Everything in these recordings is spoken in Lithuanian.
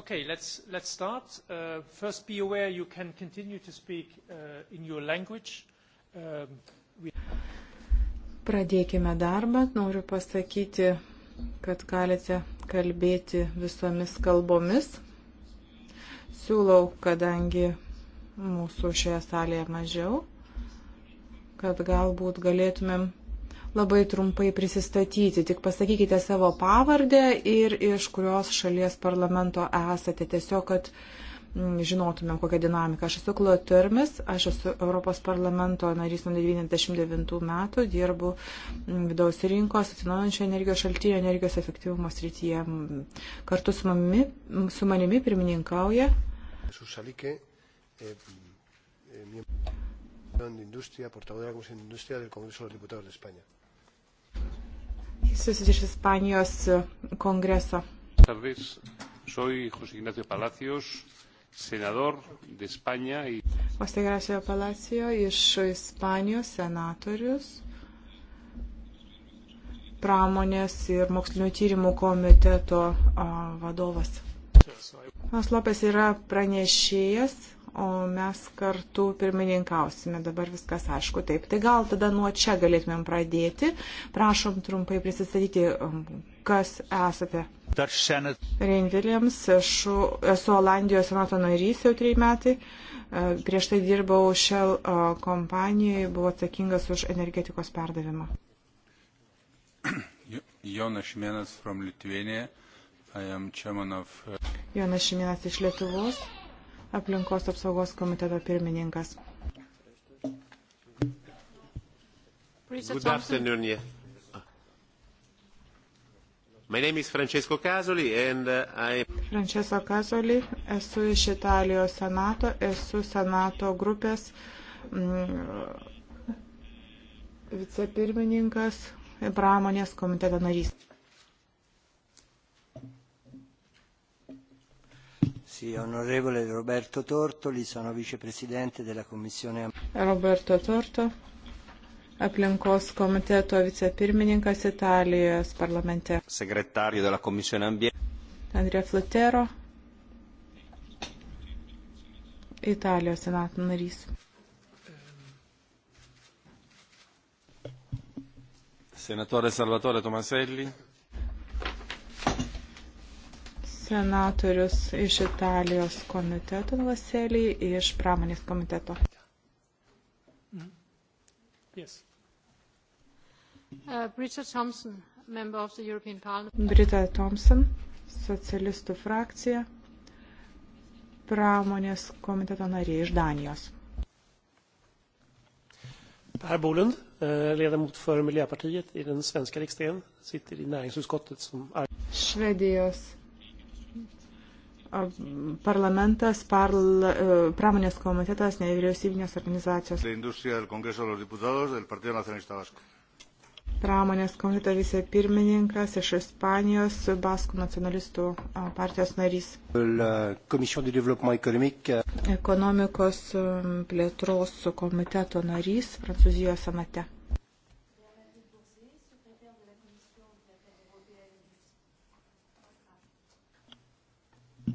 Okay, let's, let's start. Uh, first, be aware you can continue to speak uh, in your language. Um, we... Pradėkime darbą. Noriu pasakyti, kad galite kalbėti visomis kalbomis. Siūlau, kadangi mūsų šioje salėje mažiau, kad galbūt galėtumėm labai trumpai prisistatyti. Tik pasakykite savo pavardę ir iš kurios šalies parlamento esate. Tiesiog, kad mm, žinotumėm, kokią dinamiką. Aš esu Klo Turmis, aš esu Europos parlamento narys nuo 99 metų, dirbu mm, vidaus rinkos, atsinaujančio energijos šaltinio, energijos efektyvumo srityje. Mm, kartu su, mami, su manimi pirmininkauja. Su šalikė, e, e, eh, eh, mi... de industria, portavoz de la Comisión de Industria del Congreso de los Diputados de España. Jis iš Ispanijos kongreso. José Gracio Palacio iš Ispanijos senatorius pramonės ir mokslinio tyrimų komiteto vadovas. Mas Lopes yra pranešėjas o mes kartu pirmininkausime. Dabar viskas aišku taip. Tai gal tada nuo čia galėtumėm pradėti. Prašom trumpai prisistatyti, um, kas esate. Rein Williams, esu, esu Olandijos senato narys jau trejai metai. E, prieš tai dirbau Shell e, kompanijoje, buvau atsakingas už energetikos perdavimą. Jonas Šimėnas from Lithuania. I am chairman of... Jonas Šimėnas iš Lietuvos aplinkos apsaugos komiteto pirmininkas. Good afternoon. Yeah. My name is Francesco Casoli and uh, I... Francesco Casoli, esu iš Italijos senato, esu senato grupės mm, vicepirmininkas, pramonės komiteto narys. Sì, onorevole Roberto Tortoli, sono vicepresidente della Commissione. Roberto Torto, aplinkos komiteto vicepirmininkas Italijos parlamente. Segretario della Commissione Ambiente. Andrea Flutero, Italijos senato narys. Senatore Salvatore Tomaselli senatorius iš Italijos komiteto Vaselį, iš pramonės komiteto. Yes. Uh, Brita Thompson, member of the European Parliament. Brita Thompson, socialistų frakcija, pramonės komiteto narė iš Danijos. Per Bolund, eh, ledamot för Miljöpartiet i den svenska riksdagen, sitter i näringsutskottet som Švedijos parlamentas, parla, e, pramonės komitetas, nevyriausybinės organizacijos. Pramonės komiteto vicepirmininkas iš Ispanijos, Baskų nacionalistų partijos narys. Eh, Ekonomikos e, plėtros komiteto narys Prancūzijos senate.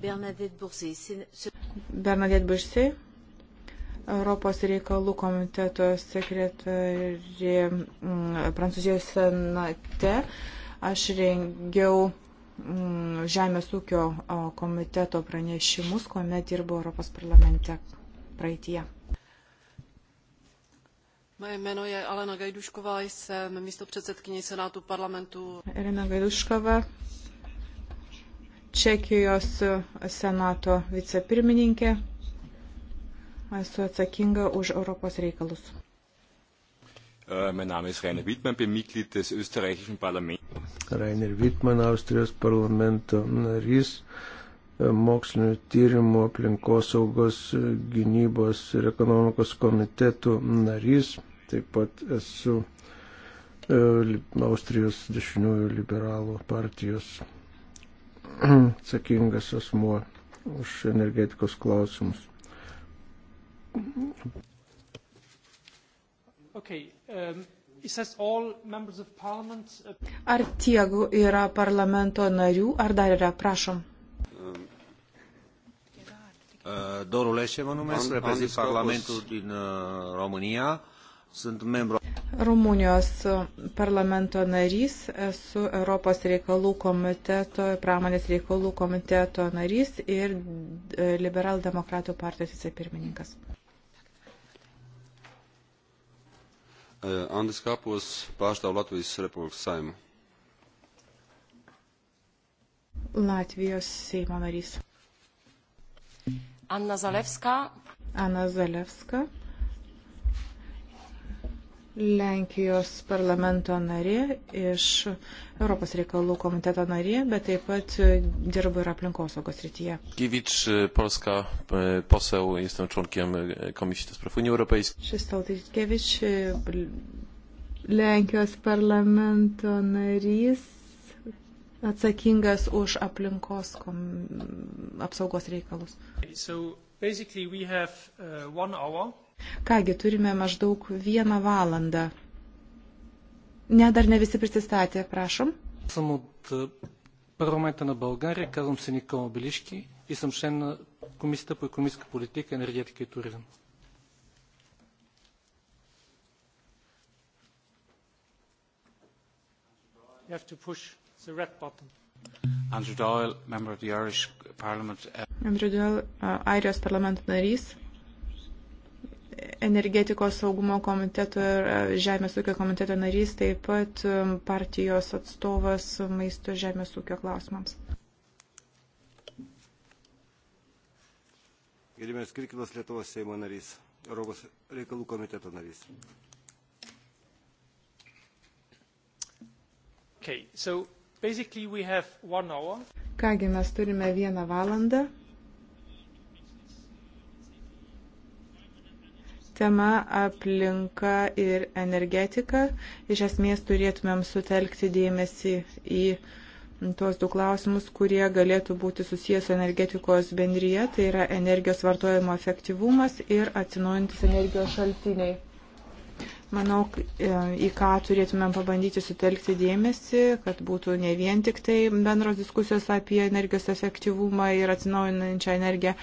Bernadette Bursai. Bernadette Bursai, Europos reikalų komiteto sekretarė mm, Prancūzijos senate. Aš rengiau mm, Žemės ūkio komiteto pranešimus, kuomet dirbo Europos parlamente praeitie. Moje jméno je Alena Gajdušková, jsem místo předsedkyně Senátu parlamentu. Elena Gajdušková, Čekijos senato vicepirmininkė. Esu atsakinga už Europos reikalus. Äh, mein Name ist Rainer Wittmann, bin Mitglied des österreichischen Parlaments. Rainer Wittmann, Austrijos parlamento narys, äh, mokslinio tyrimo aplinkosaugos äh, gynybos ir ekonomikos komitetų narys. Taip pat esu Austrijos dešiniųjų liberalų partijos atsakingas asmuo už energetikos klausimus. Okay, um... Uh, ar tiek yra parlamento narių, ar dar yra, prašom. Uh, Doru Leșe mă numesc, reprezint Parlamentul din uh, România, sunt membru... Rumunijos parlamento narys, esu Europos reikalų komiteto, pramonės reikalų komiteto narys ir e, liberal demokratų partijos vicepirmininkas. E, Andis Kapos pārstāv Latvijas Republikas saimu. Latvijos Seimo narys. Anna Zalewska. Anna Zalewska. Lenkijos parlamento narė, iš Europos reikalų komiteto narė, bet taip pat dirbu ir aplinkosaugos rytyje. Gyvič, e, Polska, e, poseł, jestem członkiem e, Komisji do Spraw Unii Europejskiej. Šistal Tytkevič, Lenkijos parlamento narys, atsakingas už aplinkos kom... apsaugos reikalus. So, basically we have uh, one hour Kągi, turime maždaug vieną valandą. Ne, dar ne visi prisistatė, prašom. Съм от парламента на България, казвам се Никола Белишки и съм член на Комисията по економическа политика, енергетика и туризъм. You have to push the red button. Andrew Doyle, member of the Irish Parliament. Andrew Doyle, uh, Airijos parlamento narys energetikos saugumo komiteto ir e, žemės ūkio komiteto narys, taip pat e, partijos atstovas maisto žemės ūkio klausimams. Gerimės Krikilas Lietuvos Seimo narys, Europos reikalų komiteto narys. Okay, so basically we have one hour. Kągi mes turime vieną valandą. tema aplinka ir energetika. Iš esmės turėtumėm sutelkti dėmesį į tuos du klausimus, kurie galėtų būti susijęs su energetikos bendryje, tai yra energijos vartojimo efektyvumas ir atsinaujantis energijos šaltiniai manau, e, į ką turėtumėm pabandyti sutelkti dėmesį, kad būtų ne vien tik tai bendros diskusijos apie energijos efektyvumą ir atsinaujinančią energiją.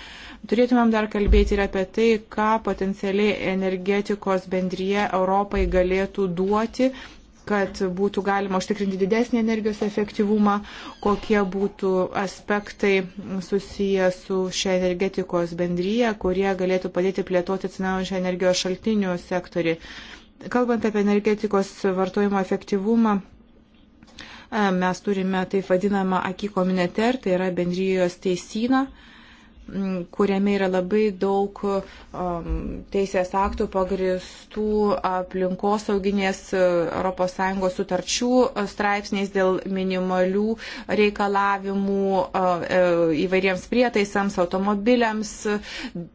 Turėtumėm dar kalbėti ir apie tai, ką potencialiai energetikos bendryje Europai galėtų duoti kad būtų galima užtikrinti didesnį energijos efektyvumą, kokie būtų aspektai susiję su šia energetikos bendryje, kurie galėtų padėti plėtoti atsinaujančią energijos šaltinių sektorį. Kalbant apie energetikos vartojimo efektyvumą, e, mes turime taip vadinamą akikominer, tai yra bendrijos teisiną, kuriame yra labai daug um, teisės aktų pagristų aplinkosauginės e, ES sutarčių e, straipsniais dėl minimalių reikalavimų uh, įvairiems prietaisams, automobiliams.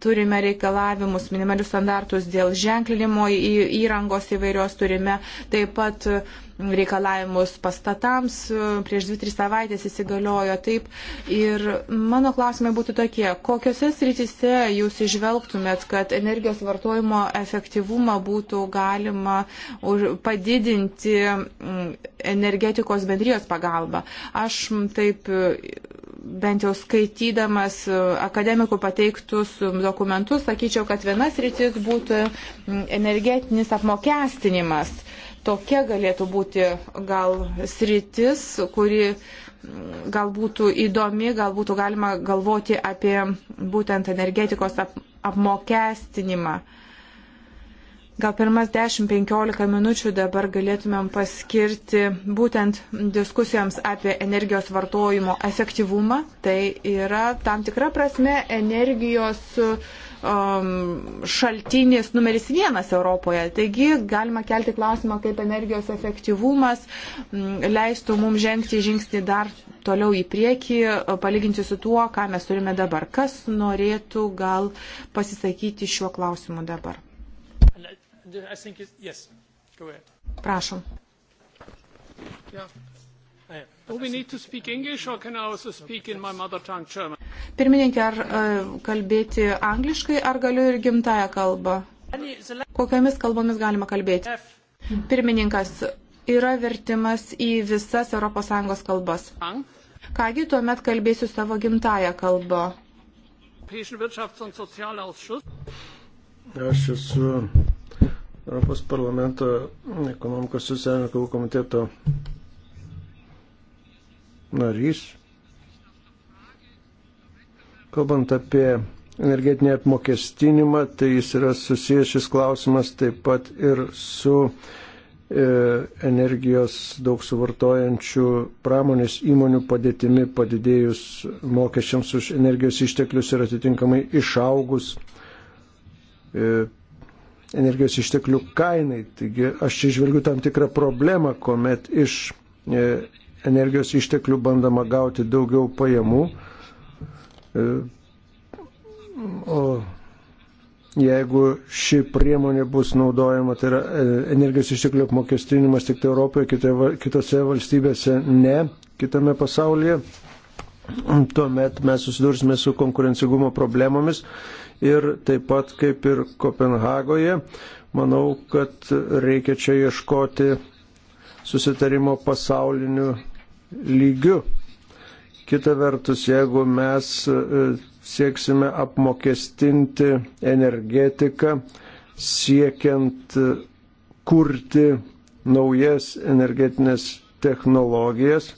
Turime reikalavimus, minimalius standartus dėl ženklinimo įrangos įvairios turime. Taip pat uh, reikalavimus pastatams, e, prieš 2-3 savaitės įsigaliojo taip. Ir mano klausimai būtų tokie, kokiuose srityse jūs išvelgtumėt, kad energijos vartojimo efektyvumą būtų galima padidinti energetikos bendrijos pagalba. Aš taip e, bent jau skaitydamas e, akademikų pateiktus dokumentus, sakyčiau, kad vienas rytis būtų energetinis apmokestinimas. Uh, tokia galėtų būti gal sritis, kuri mm, gal būtų įdomi, gal būtų galima galvoti apie būtent energetikos ap apmokestinimą. Gal pirmas 10-15 minučių dabar galėtumėm paskirti būtent diskusijoms apie energijos vartojimo efektyvumą. Tai yra tam tikra prasme energijos uh, um, šaltinis numeris vienas Europoje. Taigi galima kelti klausimą, kaip energijos efektyvumas mm, leistų mums žengti žingsnį dar toliau į priekį, palyginti su tuo, ką mes turime dabar. Kas norėtų gal pasisakyti šiuo klausimu dabar? Prašom. Yeah. Pirmininkė, ar uh, kalbėti angliškai, ar galiu ir gimtają kalbą? Kokiamis kalbomis galima kalbėti? Pirmininkas, yra vertimas į visas ES kalbas. Kągi, tuomet kalbėsiu savo gimtają kalbą. Aš esu Europos parlamento ekonomikos socialinio kalbų komiteto narys. Kalbant apie energetinį apmokestinimą, tai jis yra susijęs šis klausimas taip pat ir su e, energijos daug suvartojančių pramonės įmonių padėtimi padidėjus mokesčiams už energijos išteklius ir atitinkamai išaugus e, energijos išteklių kainai. Taigi aš čia žvelgiu tam tikrą problemą, kuomet iš e, energijos išteklių bandama gauti daugiau pajamų. E, o jeigu ši priemonė bus naudojama, tai yra e, energijos išteklių apmokestinimas tik tai Europoje, kitose valstybėse ne, kitame pasaulyje, tuomet mes susidursime su konkurencingumo problemomis ir taip pat kaip ir Kopenhagoje, manau, kad reikia čia ieškoti susitarimo pasauliniu lygiu. Kita vertus, jeigu mes e, sieksime apmokestinti energetiką, siekiant e, kurti naujas energetinės technologijas,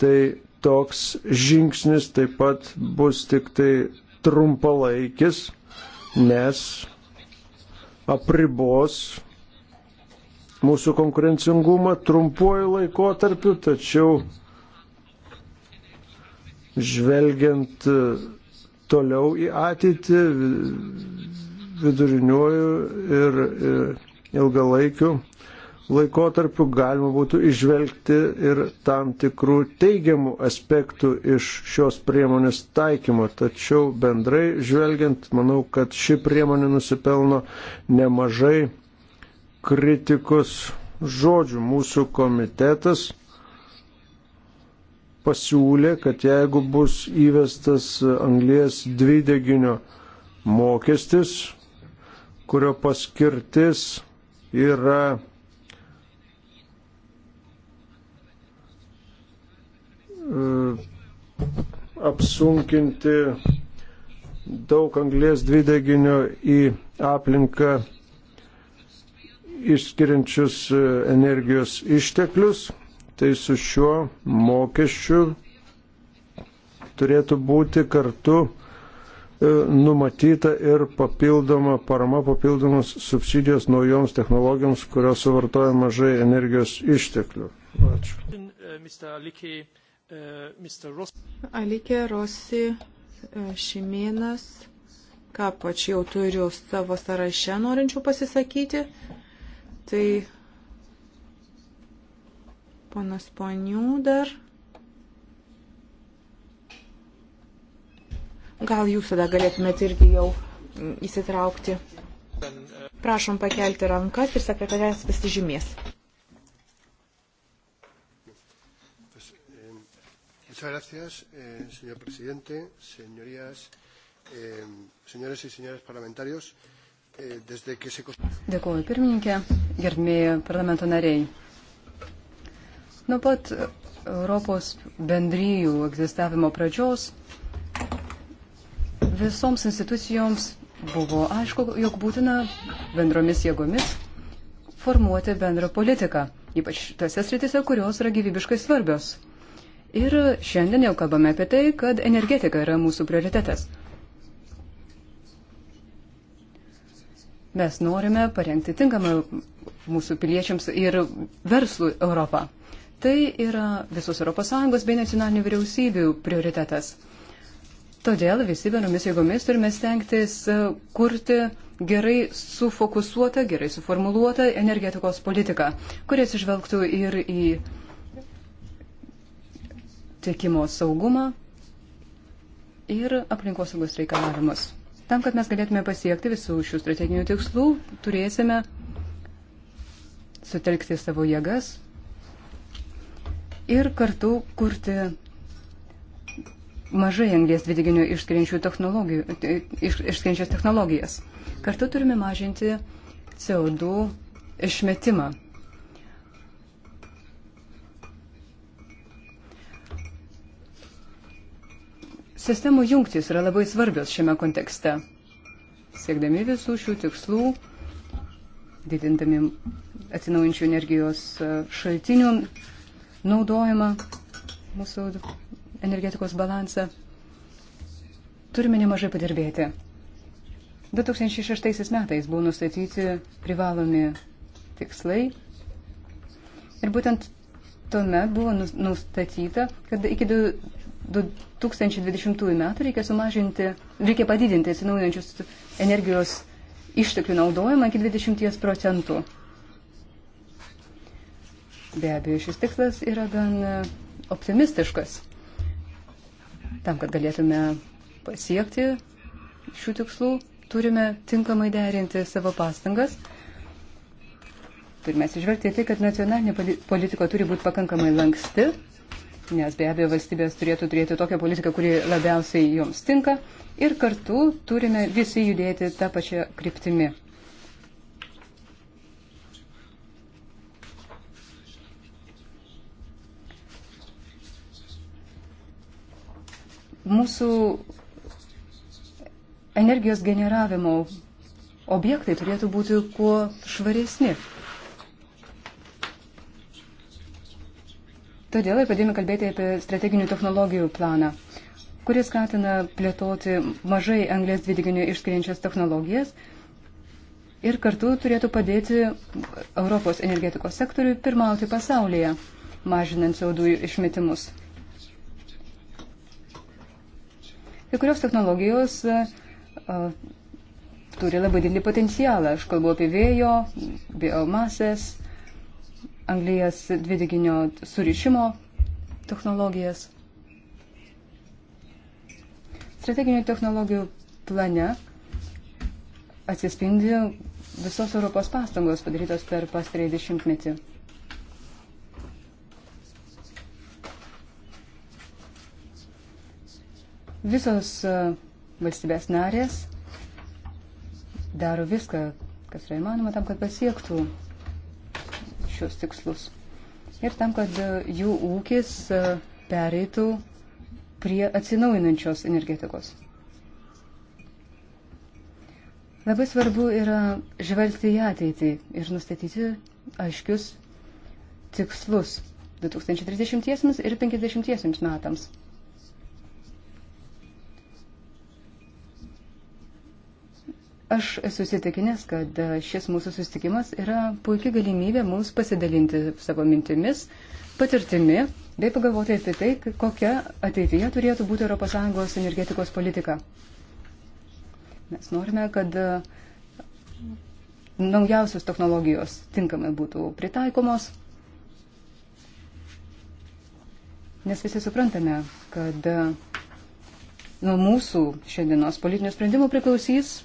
tai toks žingsnis taip pat bus tik tai trumpalaikis, nes apribos mūsų konkurencingumą trumpuoju laikotarpiu, tačiau žvelgiant e, toliau į ateitį viduriniuoju ir, ir e, ilgalaikiu laikotarpiu galima būtų išvelgti ir tam tikrų teigiamų aspektų iš šios priemonės taikymo. Tačiau bendrai žvelgiant, manau, kad ši priemonė nusipelno nemažai kritikos žodžių. Mūsų komitetas pasiūlė, kad jeigu bus įvestas anglės dvideginio mokestis, kurio paskirtis yra e, apsunkinti daug anglės dvideginio į aplinką išskiriančius e, energijos išteklius, tai su šiuo mokesčiu turėtų būti kartu e, numatyta ir papildoma parama, papildomos subsidijos naujoms technologijoms, kurios suvartoja mažai energijos išteklių. Ačiū. Alikė Rosi, e, Šimėnas, Kapač jau turiu savo sąraše norinčių pasisakyti. Tai ponas ponių dar. Gal jūs tada galėtumėte irgi jau įsitraukti. Prašom pakelti rankas ir sekretorės pasižymės. Eh, muchas gracias, eh, señor presidente, señorías, eh, señores y señoras parlamentarios. Eh, Dėkuoju pirmininkė, gerbėjai parlamento nariai. Nuo pat Europos bendryjų egzistavimo pradžios visoms institucijoms buvo aišku, jog būtina bendromis jėgomis formuoti bendrą politiką, ypač tose sritise, kurios yra gyvybiškai svarbios. Ir šiandien jau kalbame apie tai, kad energetika yra mūsų prioritetas. Mes norime parengti tinkamą mūsų piliečiams ir verslui Europą. Tai yra visos ES bei nacionalinių vyriausybių prioritetas. Todėl visi vienomis jėgomis turime stengtis e, kurti gerai sufokusuotą, gerai suformuluotą energetikos politiką, kuris išvelgtų ir į tiekimo saugumą ir aplinkosaugos reikalavimus. Tam, kad mes galėtume pasiekti visų šių strateginių tikslų, turėsime sutelkti savo jėgas ir kartu kurti mažai anglės dvideginių išskiriančių technologijų, iš, išskiriančias technologijas. Kartu turime mažinti CO2 išmetimą. Sistemų jungtis yra labai svarbios šiame kontekste. Siekdami visų šių tikslų, didindami atsinaujančių energijos e, šaltinių naudojimą mūsų energetikos balansą, turime nemažai padirbėti. 2006 metais buvo nustatyti privalomi tikslai ir būtent tuomet buvo nustatyta, kad iki 2020 metų reikia sumažinti, reikia padidinti atsinaujančius energijos išteklių naudojimą iki 20 procentų. Be abejo, šis tikslas yra gan e, optimistiškas. Tam, kad galėtume pasiekti šių tikslų, turime tinkamai derinti savo pastangas. Turime atsižvelgti į tai, kad nacionalinė politika turi būti pakankamai lanksti nes be abejo valstybės turėtų turėti tokią politiką, kuri labiausiai joms tinka ir kartu turime visi judėti tą pačią kryptimį. Mūsų energijos generavimo objektai turėtų būti kuo švaresni. Todėl ir pradėjome kalbėti apie strateginių technologijų planą, kuris skatina plėtoti mažai anglės dvideginio išskiriančias technologijas ir kartu turėtų padėti Europos energetikos sektoriui pirmauti pasaulyje, mažinant CO2 išmetimus. Kai kurios technologijos uh, turi labai didelį potencialą. Aš kalbu apie vėjo, biomasės, anglijas dvideginio surišimo technologijas. Strateginių technologijų plane atsispindi visos Europos pastangos padarytos per pastarąjį dešimtmetį. Visos e, valstybės narės daro viską, kas yra įmanoma tam, kad pasiektų šios tikslus. Ir tam, kad e, jų ūkis e, pereitų prie atsinaujinančios energetikos. Labai svarbu yra žvelgti į ateitį ir nustatyti aiškius tikslus 2030 ir 50 metams. Aš esu įsitikinęs, kad šis mūsų susitikimas yra puikia galimybė mums pasidalinti savo mintimis, patirtimi bei pagalvoti apie tai, kokia ateityje turėtų būti ES energetikos politika. Mes norime, kad e, naujausios technologijos tinkamai būtų pritaikomos, nes visi suprantame, kad e, nuo mūsų šiandienos politinių sprendimų priklausys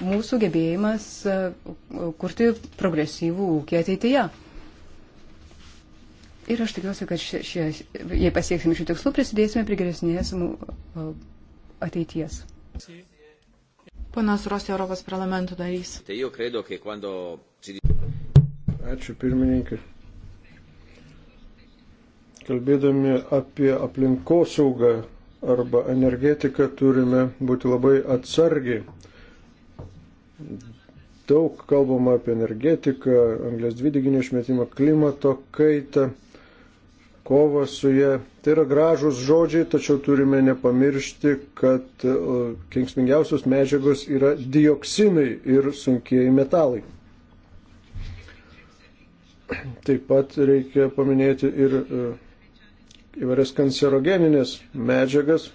mūsų gebėjimas e, kurti progresyvų ūkį ateityje. Ir aš tikiuosi, kad šie, šie, jei pasieksime šių tikslų, prisidėsime prie geresnės e, ateities. Ponas Rosi, Europos parlamento narys. Ačiū pirmininkai. Kalbėdami apie aplinkosaugą arba energetiką turime būti labai atsargiai Daug kalbama apie energetiką, anglės dvideginį išmetimą, klimato kaitą, kovą su jie. Tai yra gražus žodžiai, tačiau turime nepamiršti, kad e, kenksmingiausios medžiagos yra dioksinai ir sunkieji metalai. Taip pat reikia paminėti ir e, įvairias kancerogeninės medžiagas,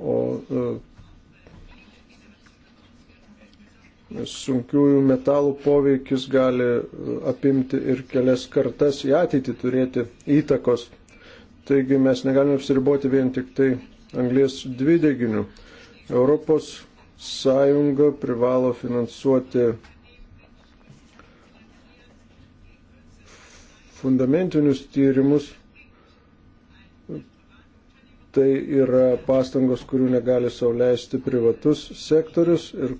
o e, sunkiųjų metalų poveikis gali e, apimti ir kelias kartas į ateitį turėti įtakos. Taigi mes negalime apsiriboti vien tik tai anglės dvideginių. Europos Sąjunga privalo finansuoti fundamentinius tyrimus tai yra pastangos, kurių negali sauliaisti privatus sektorius ir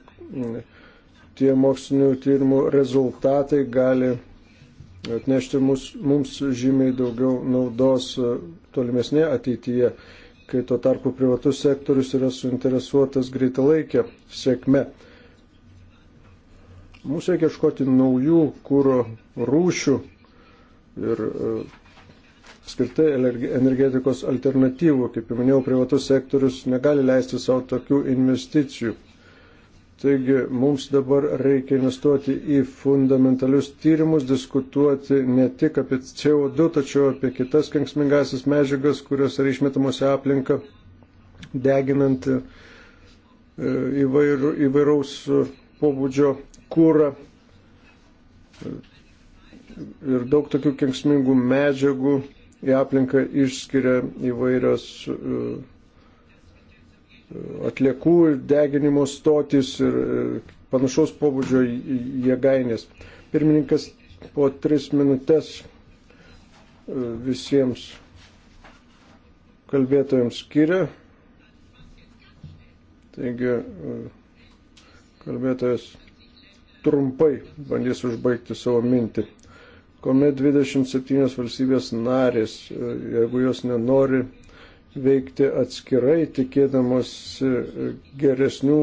tie mokslinių tyrimų rezultatai gali atnešti mus, mums žymiai daugiau naudos e, tolimesnėje ateityje, kai tuo tarpu privatus sektorius yra suinteresuotas greitalaikę sėkme. Mums reikia ieškoti naujų kūro rūšių ir e, apskritai energetikos alternatyvų. Kaip jau minėjau, privatus sektorius negali leisti savo tokių investicijų. Taigi mums dabar reikia investuoti į fundamentalius tyrimus, diskutuoti ne tik apie CO2, tačiau apie kitas kenksmingasis medžiagas, kurios yra išmetamos į aplinką, deginant e, įvair, įvairaus pobūdžio kūrą ir daug tokių kenksmingų medžiagų į aplinką išskiria įvairios e, atliekų deginimo stotis ir e, panašaus pobūdžio jėgainės. Pirmininkas po tris minutės e, visiems kalbėtojams skiria. Taigi e, kalbėtojas trumpai bandys užbaigti savo mintį. Komet 27 valstybės narės, jeigu jos nenori veikti atskirai, tikėdamas e, geresnių,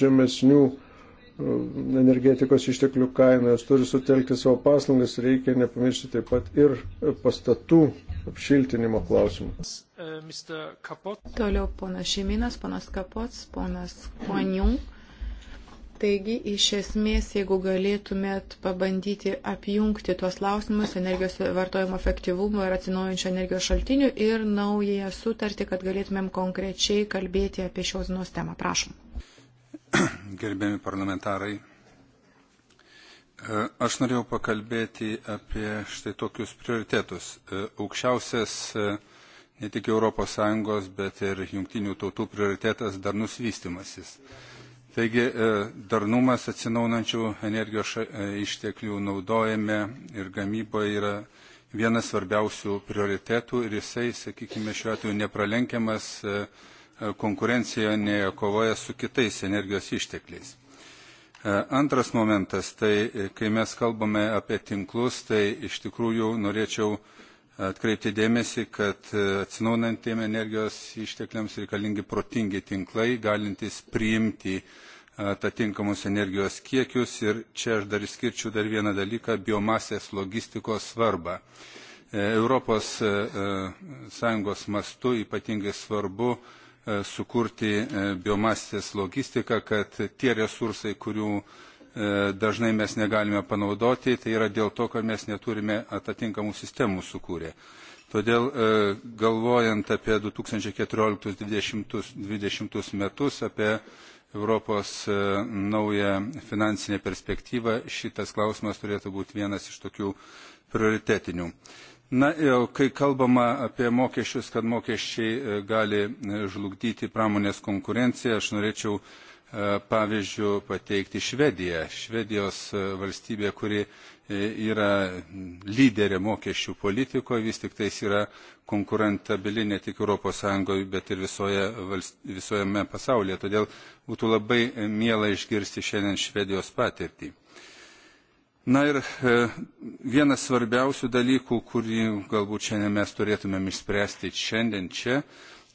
žemesnių e, energetikos išteklių kainą, jos turi sutelkti savo paslangas, reikia nepamiršti taip pat ir pastatų apšiltinimo klausimų. Toliau ponas Šiminas, ponas Kapots, ponas Koniung. Taigi, iš esmės, jeigu galėtumėt pabandyti apjungti tuos klausimus energijos vartojimo efektyvumo ir atsinaujančio energijos šaltinių ir naująją sutartį, kad galėtumėm konkrečiai kalbėti apie šios dienos temą. Prašom. Gerbiami parlamentarai, e, aš norėjau pakalbėti apie štai tokius prioritetus. E, aukščiausias e, ne tik ES, bet ir jungtinių tautų prioritetas darnus vystimasis. Yeah Taigi e, darnumas atsinaunančių energijos e, išteklių naudojame ir gamyboje yra vienas svarbiausių prioritetų ir jisai, sakykime, šiuo atveju nepralenkiamas e, konkurencijoje kovoje su kitais energijos ištekliais. Antras momentas, tai kai mes kalbame apie tinklus, tai iš tikrųjų norėčiau atkreipti dėmesį, kad e, atsinaunantiem energijos ištekliams reikalingi protingi tinklai, galintys priimti atitinkamus e, energijos kiekius. Ir čia aš dar išskirčiau dar vieną dalyką - biomasės logistikos svarbą. E, Europos Sąjungos mastu ypatingai svarbu sukurti biomasės logistiką, kad tie resursai, kurių E, dažnai mes negalime panaudoti, tai yra dėl to, kad mes neturime atitinkamų sistemų sukūrę. Todėl e, galvojant apie 2014-2020 metus, apie Europos e, naują finansinę perspektyvą, šitas klausimas turėtų būti vienas iš tokių prioritetinių. Na, jau kai kalbama apie mokesčius, kad mokesčiai gali žlugdyti pramonės konkurenciją, aš norėčiau E, pavyzdžių pateikti Švediją. Švedijos e, valstybė, kuri e, yra lyderė mokesčių politikoje, vis tik tais yra konkurentabili ne tik ES, bet ir visoje, visojame pasaulyje. Todėl būtų labai miela išgirsti šiandien Švedijos patirtį. Na ir vienas svarbiausių dalykų, kurį galbūt šiandien mes turėtumėm išspręsti šiandien čia,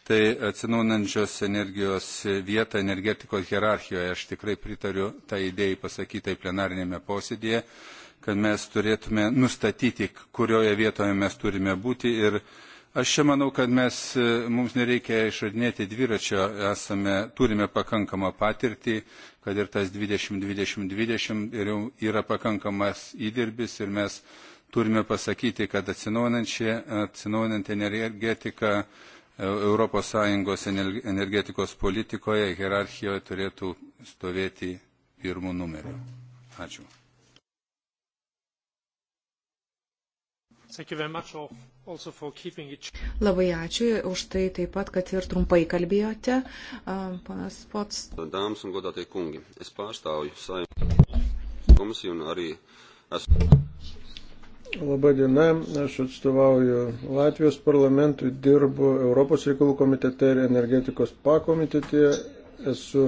tai atsinaunančios energijos vietą energetikos hierarchijoje. Aš tikrai pritariu tą tai idėją pasakytai plenarinėme posėdėje, kad mes turėtume nustatyti, kurioje vietoje mes turime būti. Ir aš čia manau, kad mes, mums nereikia išradinėti dviračio, esame, turime pakankamą patirtį, kad ir tas 20-20-20 ir jau yra pakankamas įdirbis ir mes turime pasakyti, kad atsinaujinanti energetika ES energetikos politikoje hierarchijoje turėtų stovėti pirmų numerių. Ačiū. Labai ačiū už tai taip pat, kad ir trumpai kalbėjote. Panas Pots. Dāmas un godātie kungi, es pārstāvu saimnieku komisiju un arī esmu Labai diena, aš atstovauju Latvijos parlamentui, dirbu Europos reikalų komitete ir energetikos pakomitetėje, esu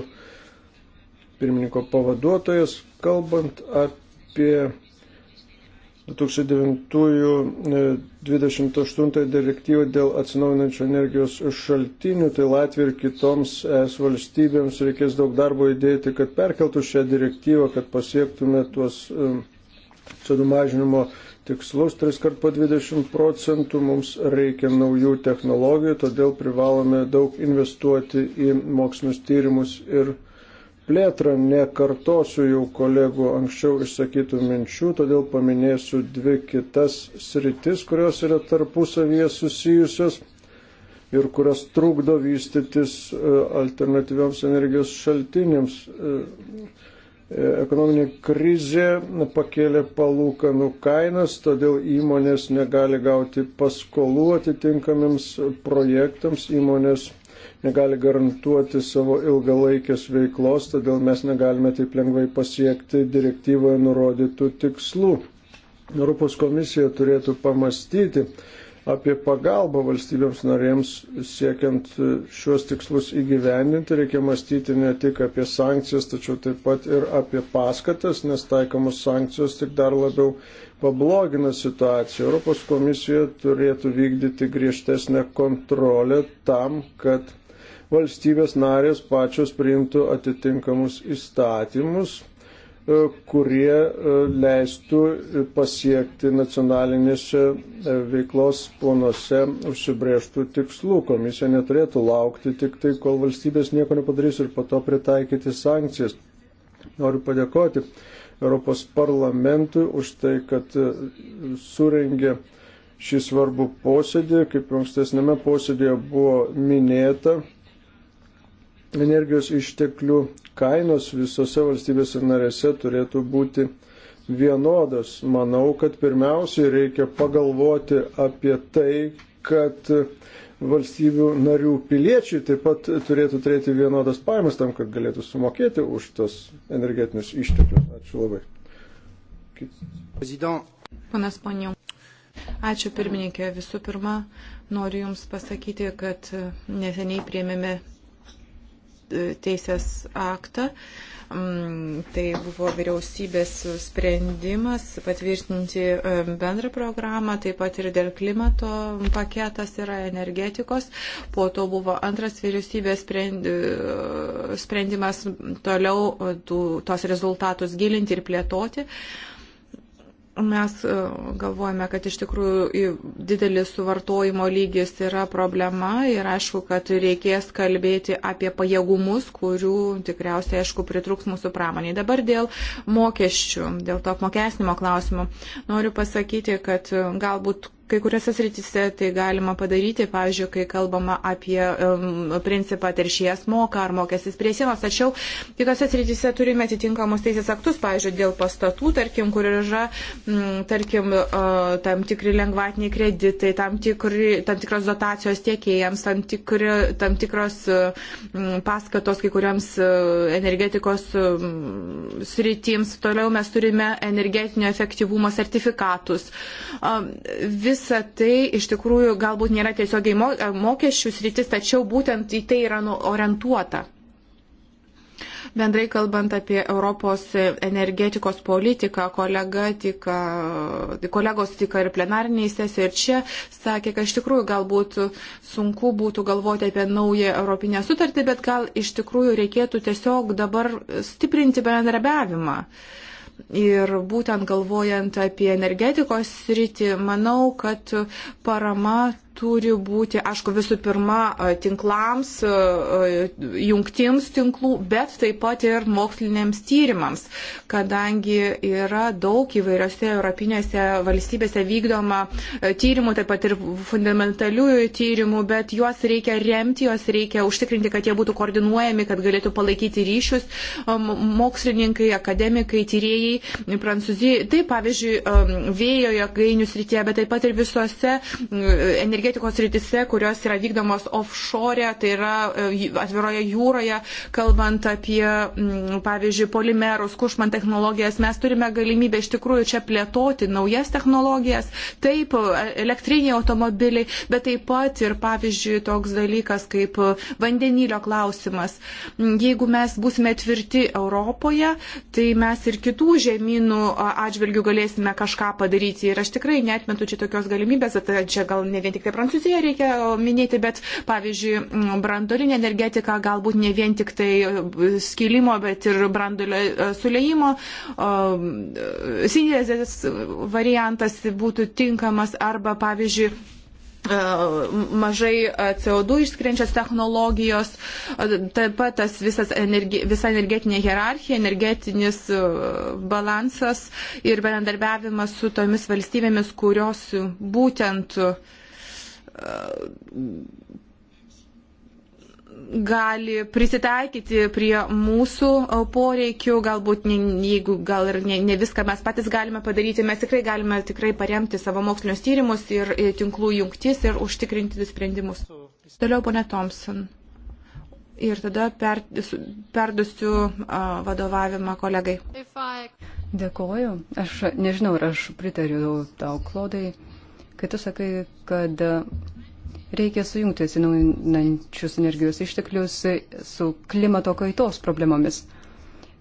pirmininko pavaduotojas, kalbant apie 2009-28 direktyvą dėl atsinaujinančių energijos šaltinių, tai Latvijai ir kitoms es valstybėms reikės daug darbo įdėti, kad perkeltų šią direktyvą, kad pasiektume tuos sudumažinimo um, tikslus, tris kart po 20 procentų, mums reikia naujų technologijų, todėl privalome daug investuoti į mokslinius tyrimus ir plėtrą. Nekartosiu jau kolegų anksčiau išsakytų minčių, todėl paminėsiu dvi kitas sritis, kurios yra tarpusavyje susijusios ir kurios trukdo vystytis e, alternatyvioms energijos šaltinėms. E, E, ekonominė krizė pakėlė palūkanų kainas, todėl įmonės negali gauti paskolų atitinkamiems projektams, įmonės negali garantuoti savo ilgalaikės veiklos, todėl mes negalime taip lengvai pasiekti direktyvoje nurodytų tikslų. Europos komisija turėtų pamastyti, apie pagalbą valstybėms norėms siekiant e, šiuos tikslus įgyvendinti. Reikia mąstyti ne tik apie sankcijas, tačiau taip pat ir apie paskatas, nes taikomos sankcijos tik dar labiau pablogina situaciją. Europos komisija turėtų vykdyti griežtesnę kontrolę tam, kad valstybės narės pačios priimtų atitinkamus įstatymus E, kurie e, leistų pasiekti nacionalinėse veiklos planuose užsibrėžtų tikslų. Komisija neturėtų laukti tik tai, kol valstybės nieko nepadarys ir po to pritaikyti sankcijas. Noriu padėkoti Europos parlamentui už tai, kad e, surengė šį svarbų posėdį, kaip ankstesnėme posėdėje buvo minėta energijos išteklių kainos visose valstybėse narėse turėtų būti vienodas. Manau, kad pirmiausiai reikia pagalvoti apie tai, kad valstybių narių piliečiai taip pat turėtų turėti vienodas pajamas tam, kad galėtų sumokėti už tas energetinius išteklius. Ačiū labai. Panas Paniau. Ačiū pirmininkė. Visų pirma, noriu Jums pasakyti, kad neseniai priemėme teisės aktą. Mm, tai buvo vyriausybės sprendimas patvirtinti bendrą programą, taip pat ir dėl klimato paketas yra energetikos. Po to buvo antras vyriausybės e, sprendimas toliau e, tų, tos rezultatus gilinti ir plėtoti. Um, Mes e, galvojame, kad iš tikrųjų didelis suvartojimo lygis yra problema ir aišku, kad reikės kalbėti apie pajėgumus, kurių tikriausiai, aišku, pritruks mūsų pramoniai. Dabar dėl mokesčių, dėl to apmokesnimo klausimų. Noriu pasakyti, kad e, galbūt Kai kuriuose srityse tai galima padaryti, pavyzdžiui, kai kalbama apie um, principą teršėjas moka ar mokestis prie sienos, tačiau kitose srityse turime atitinkamus teisės aktus, pavyzdžiui, dėl pastatų, tarkim, kur yra, m, tarkim, uh, tam tikri lengvatiniai kreditai, tam, tikri, tam tikros dotacijos tiekėjams, tam, tikri, tam tikros m, paskatos kai kuriams e, energetikos m, sritims. Toliau mes turime energetinio efektyvumo sertifikatus. Um, vis visa tai iš tikrųjų galbūt nėra tiesiogiai e, mokesčių sritis, tačiau būtent į tai yra nu, orientuota. Bendrai kalbant apie Europos energetikos politiką, kolega tik, e, kolegos tik ir plenariniai sesija ir čia sakė, kad iš tikrųjų galbūt sunku būtų galvoti apie naują Europinę sutartį, bet gal iš tikrųjų reikėtų tiesiog dabar stiprinti bendrabiavimą. Uh, Ir būtent galvojant apie energetikos sritį, manau, kad parama turi būti, aišku, visų pirma, e, tinklams, e, e, jungtims tinklų, bet taip pat ir moksliniams tyrimams, kadangi yra daug įvairiose europinėse valstybėse vykdoma tyrimų, taip pat ir fundamentaliųjų tyrimų, bet juos reikia remti, juos reikia užtikrinti, kad jie būtų koordinuojami, kad galėtų palaikyti ryšius mokslininkai, akademikai, tyrėjai. Prancūzijai, taip pavyzdžiui, vėjo jėgainių srityje, bet taip pat ir visose energijos energetikos rytise, kurios yra vykdomos offshore, tai yra e, atviroje jūroje, kalbant apie, mm, pavyzdžiui, polimerus, kušman technologijas, mes turime galimybę iš tikrųjų čia plėtoti naujas technologijas, taip, e, elektriniai automobiliai, bet taip pat ir, pavyzdžiui, toks dalykas kaip vandenilio klausimas. Mm, jeigu mes būsime tvirti Europoje, tai mes ir kitų žemynų atžvilgių galėsime kažką padaryti. Ir aš tikrai netmetu čia tokios galimybės, tai čia gal ne vien tik tai apie Prancūziją reikia minėti, bet, pavyzdžiui, brandolinė energetika galbūt ne vien tik tai e, skilimo, bet ir brandolio e, sulėjimo e, sinėzės variantas būtų tinkamas arba, pavyzdžiui, mažai CO2 išskrenčias technologijos, taip pat tas visas energi, visa energetinė hierarchija, energetinis balansas ir bendradarbiavimas su tomis valstybėmis, kurios būtent uh, gali prisitaikyti prie mūsų poreikių, galbūt ne, jeigu gal ir ne, ne viską mes patys galime padaryti, mes tikrai galime tikrai paremti savo mokslinius tyrimus ir tinklų jungtis ir užtikrinti sprendimus. Toliau ponė Thompson. Ir tada per, perdusiu uh, vadovavimą kolegai. Dėkoju. Aš nežinau, ar aš pritariu tau, Klodai kai tu sakai, kad reikia sujungti atsinaujinančius energijos išteklius su klimato kaitos problemomis.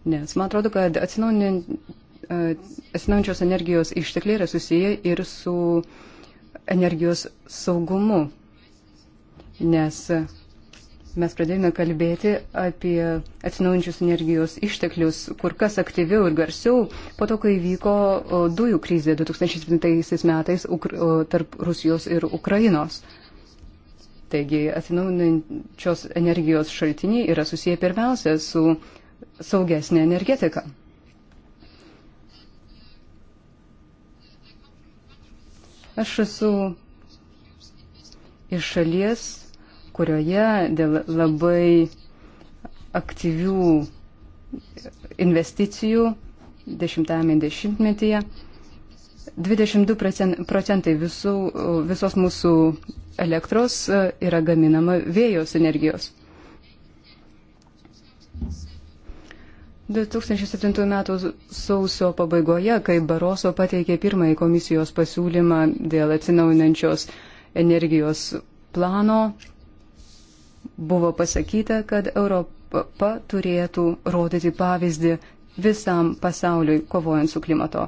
Nes man atrodo, kad e, atsinaujinančios energijos ištekliai yra susiję ir su energijos saugumu. Nes mes pradėjome kalbėti apie atsinaujančius energijos išteklius kur kas aktyviau ir garsiau po to, kai vyko dujų krizė 2007 metais tarp Rusijos ir Ukrainos. Taigi atsinaujančios energijos šaltiniai yra susiję pirmiausia su saugesnė energetika. Aš esu iš šalies kurioje dėl labai aktyvių investicijų dešimtame dešimtmetyje 22 procentai visų, visos mūsų elektros e, yra gaminama vėjos energijos. 2007 m. sausio pabaigoje, kai Baroso pateikė pirmąjį komisijos pasiūlymą dėl atsinaujinančios energijos plano, buvo pasakyta, kad Europa turėtų rodyti pavyzdį visam pasauliui kovojant su klimato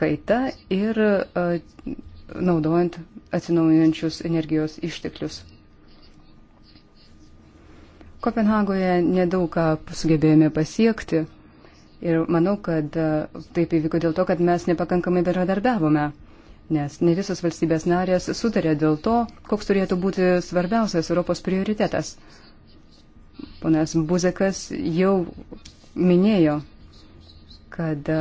kaita ir e, naudojant atsinaujinančius energijos išteklius. Kopenhagoje nedaug ką sugebėjome pasiekti ir manau, kad e, taip įvyko dėl to, kad mes nepakankamai bendradarbiavome nes ne visos valstybės narės sutarė dėl to, koks turėtų būti svarbiausias Europos prioritetas. Ponas Buzekas jau minėjo, kad e,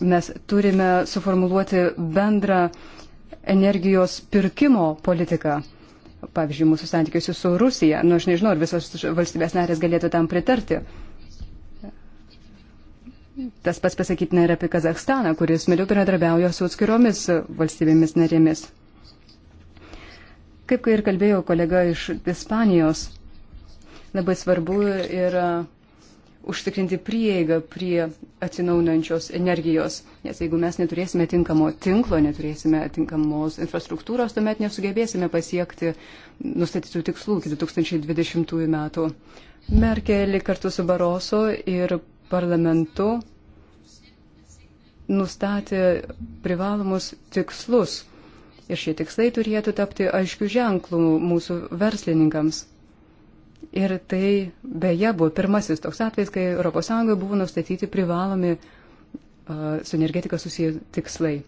mes turime suformuluoti bendrą energijos pirkimo politiką. Pavyzdžiui, mūsų santykiuose su Rusija. Na, nu, aš nežinau, ar visos valstybės narės galėtų tam pritarti. Tas pats pasakytina ir apie Kazakstaną, kuris mieliau bendradarbiauja su atskiromis valstybėmis narėmis. Kaip ir kalbėjo kolega iš Ispanijos, labai svarbu yra užtikrinti prieigą prie atsinaunančios energijos. Nes jeigu mes neturėsime tinkamo tinklo, neturėsime tinkamos infrastruktūros, tuomet nesugebėsime pasiekti nustatytų tikslų iki 2020 metų. Merkelį kartu su Baroso ir parlamentu nustatė privalomus tikslus. Ir šie tikslai turėtų tapti aiškių ženklų mūsų verslininkams. Ir tai beje buvo pirmasis toks atvejs, kai ES buvo nustatyti privalomi uh, su energetika susiję tikslai.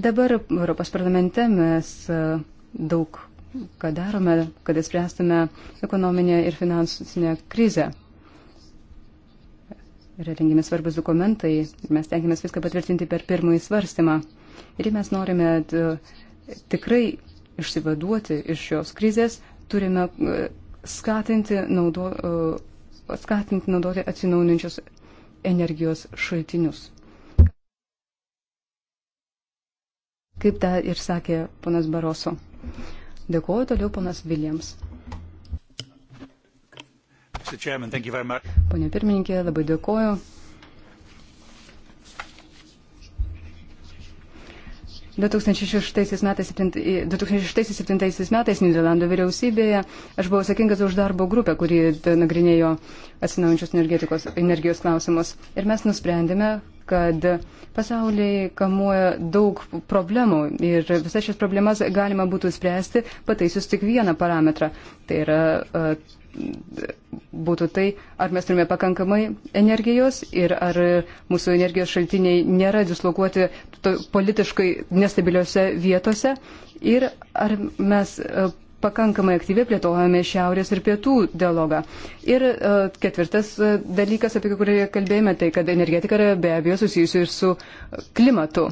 Dabar Europos parlamente mes uh, daug ką darome, kad spręstume ekonominę ir finansinę krizę. Yra rengiami svarbus dokumentai ir mes tengiamės viską patvirtinti per pirmąjį svarstymą. Ir jei mes norime e, tikrai išsivaduoti iš šios krizės, turime e, skatinti, naudo, e, skatinti naudoti atsinaujinančius energijos šaltinius. Kaip tą ir sakė ponas Baroso. Dėkuoju toliau ponas Viljams. Pone pirmininkė, labai dėkuoju. De 2006 metais, 2007 metais Niderlandų vyriausybėje aš buvau sakingas už darbo grupę, kuri nagrinėjo atsinaujančios energijos klausimus. Ir mes nusprendėme, kad pasaulyje kamuoja daug problemų ir visas šias problemas galima būtų spręsti pataisius tik vieną parametrą. Tai yra e, būtų tai, ar mes turime pakankamai energijos ir ar mūsų energijos šaltiniai nėra dislokuoti politiškai nestabiliuose vietose ir ar mes e, pakankamai aktyviai plėtojame šiaurės ir pietų dialogą. Ir uh, ketvirtas uh, dalykas, apie kurį kalbėjome, tai kad energetika yra be abejo susijusi ir su klimatu.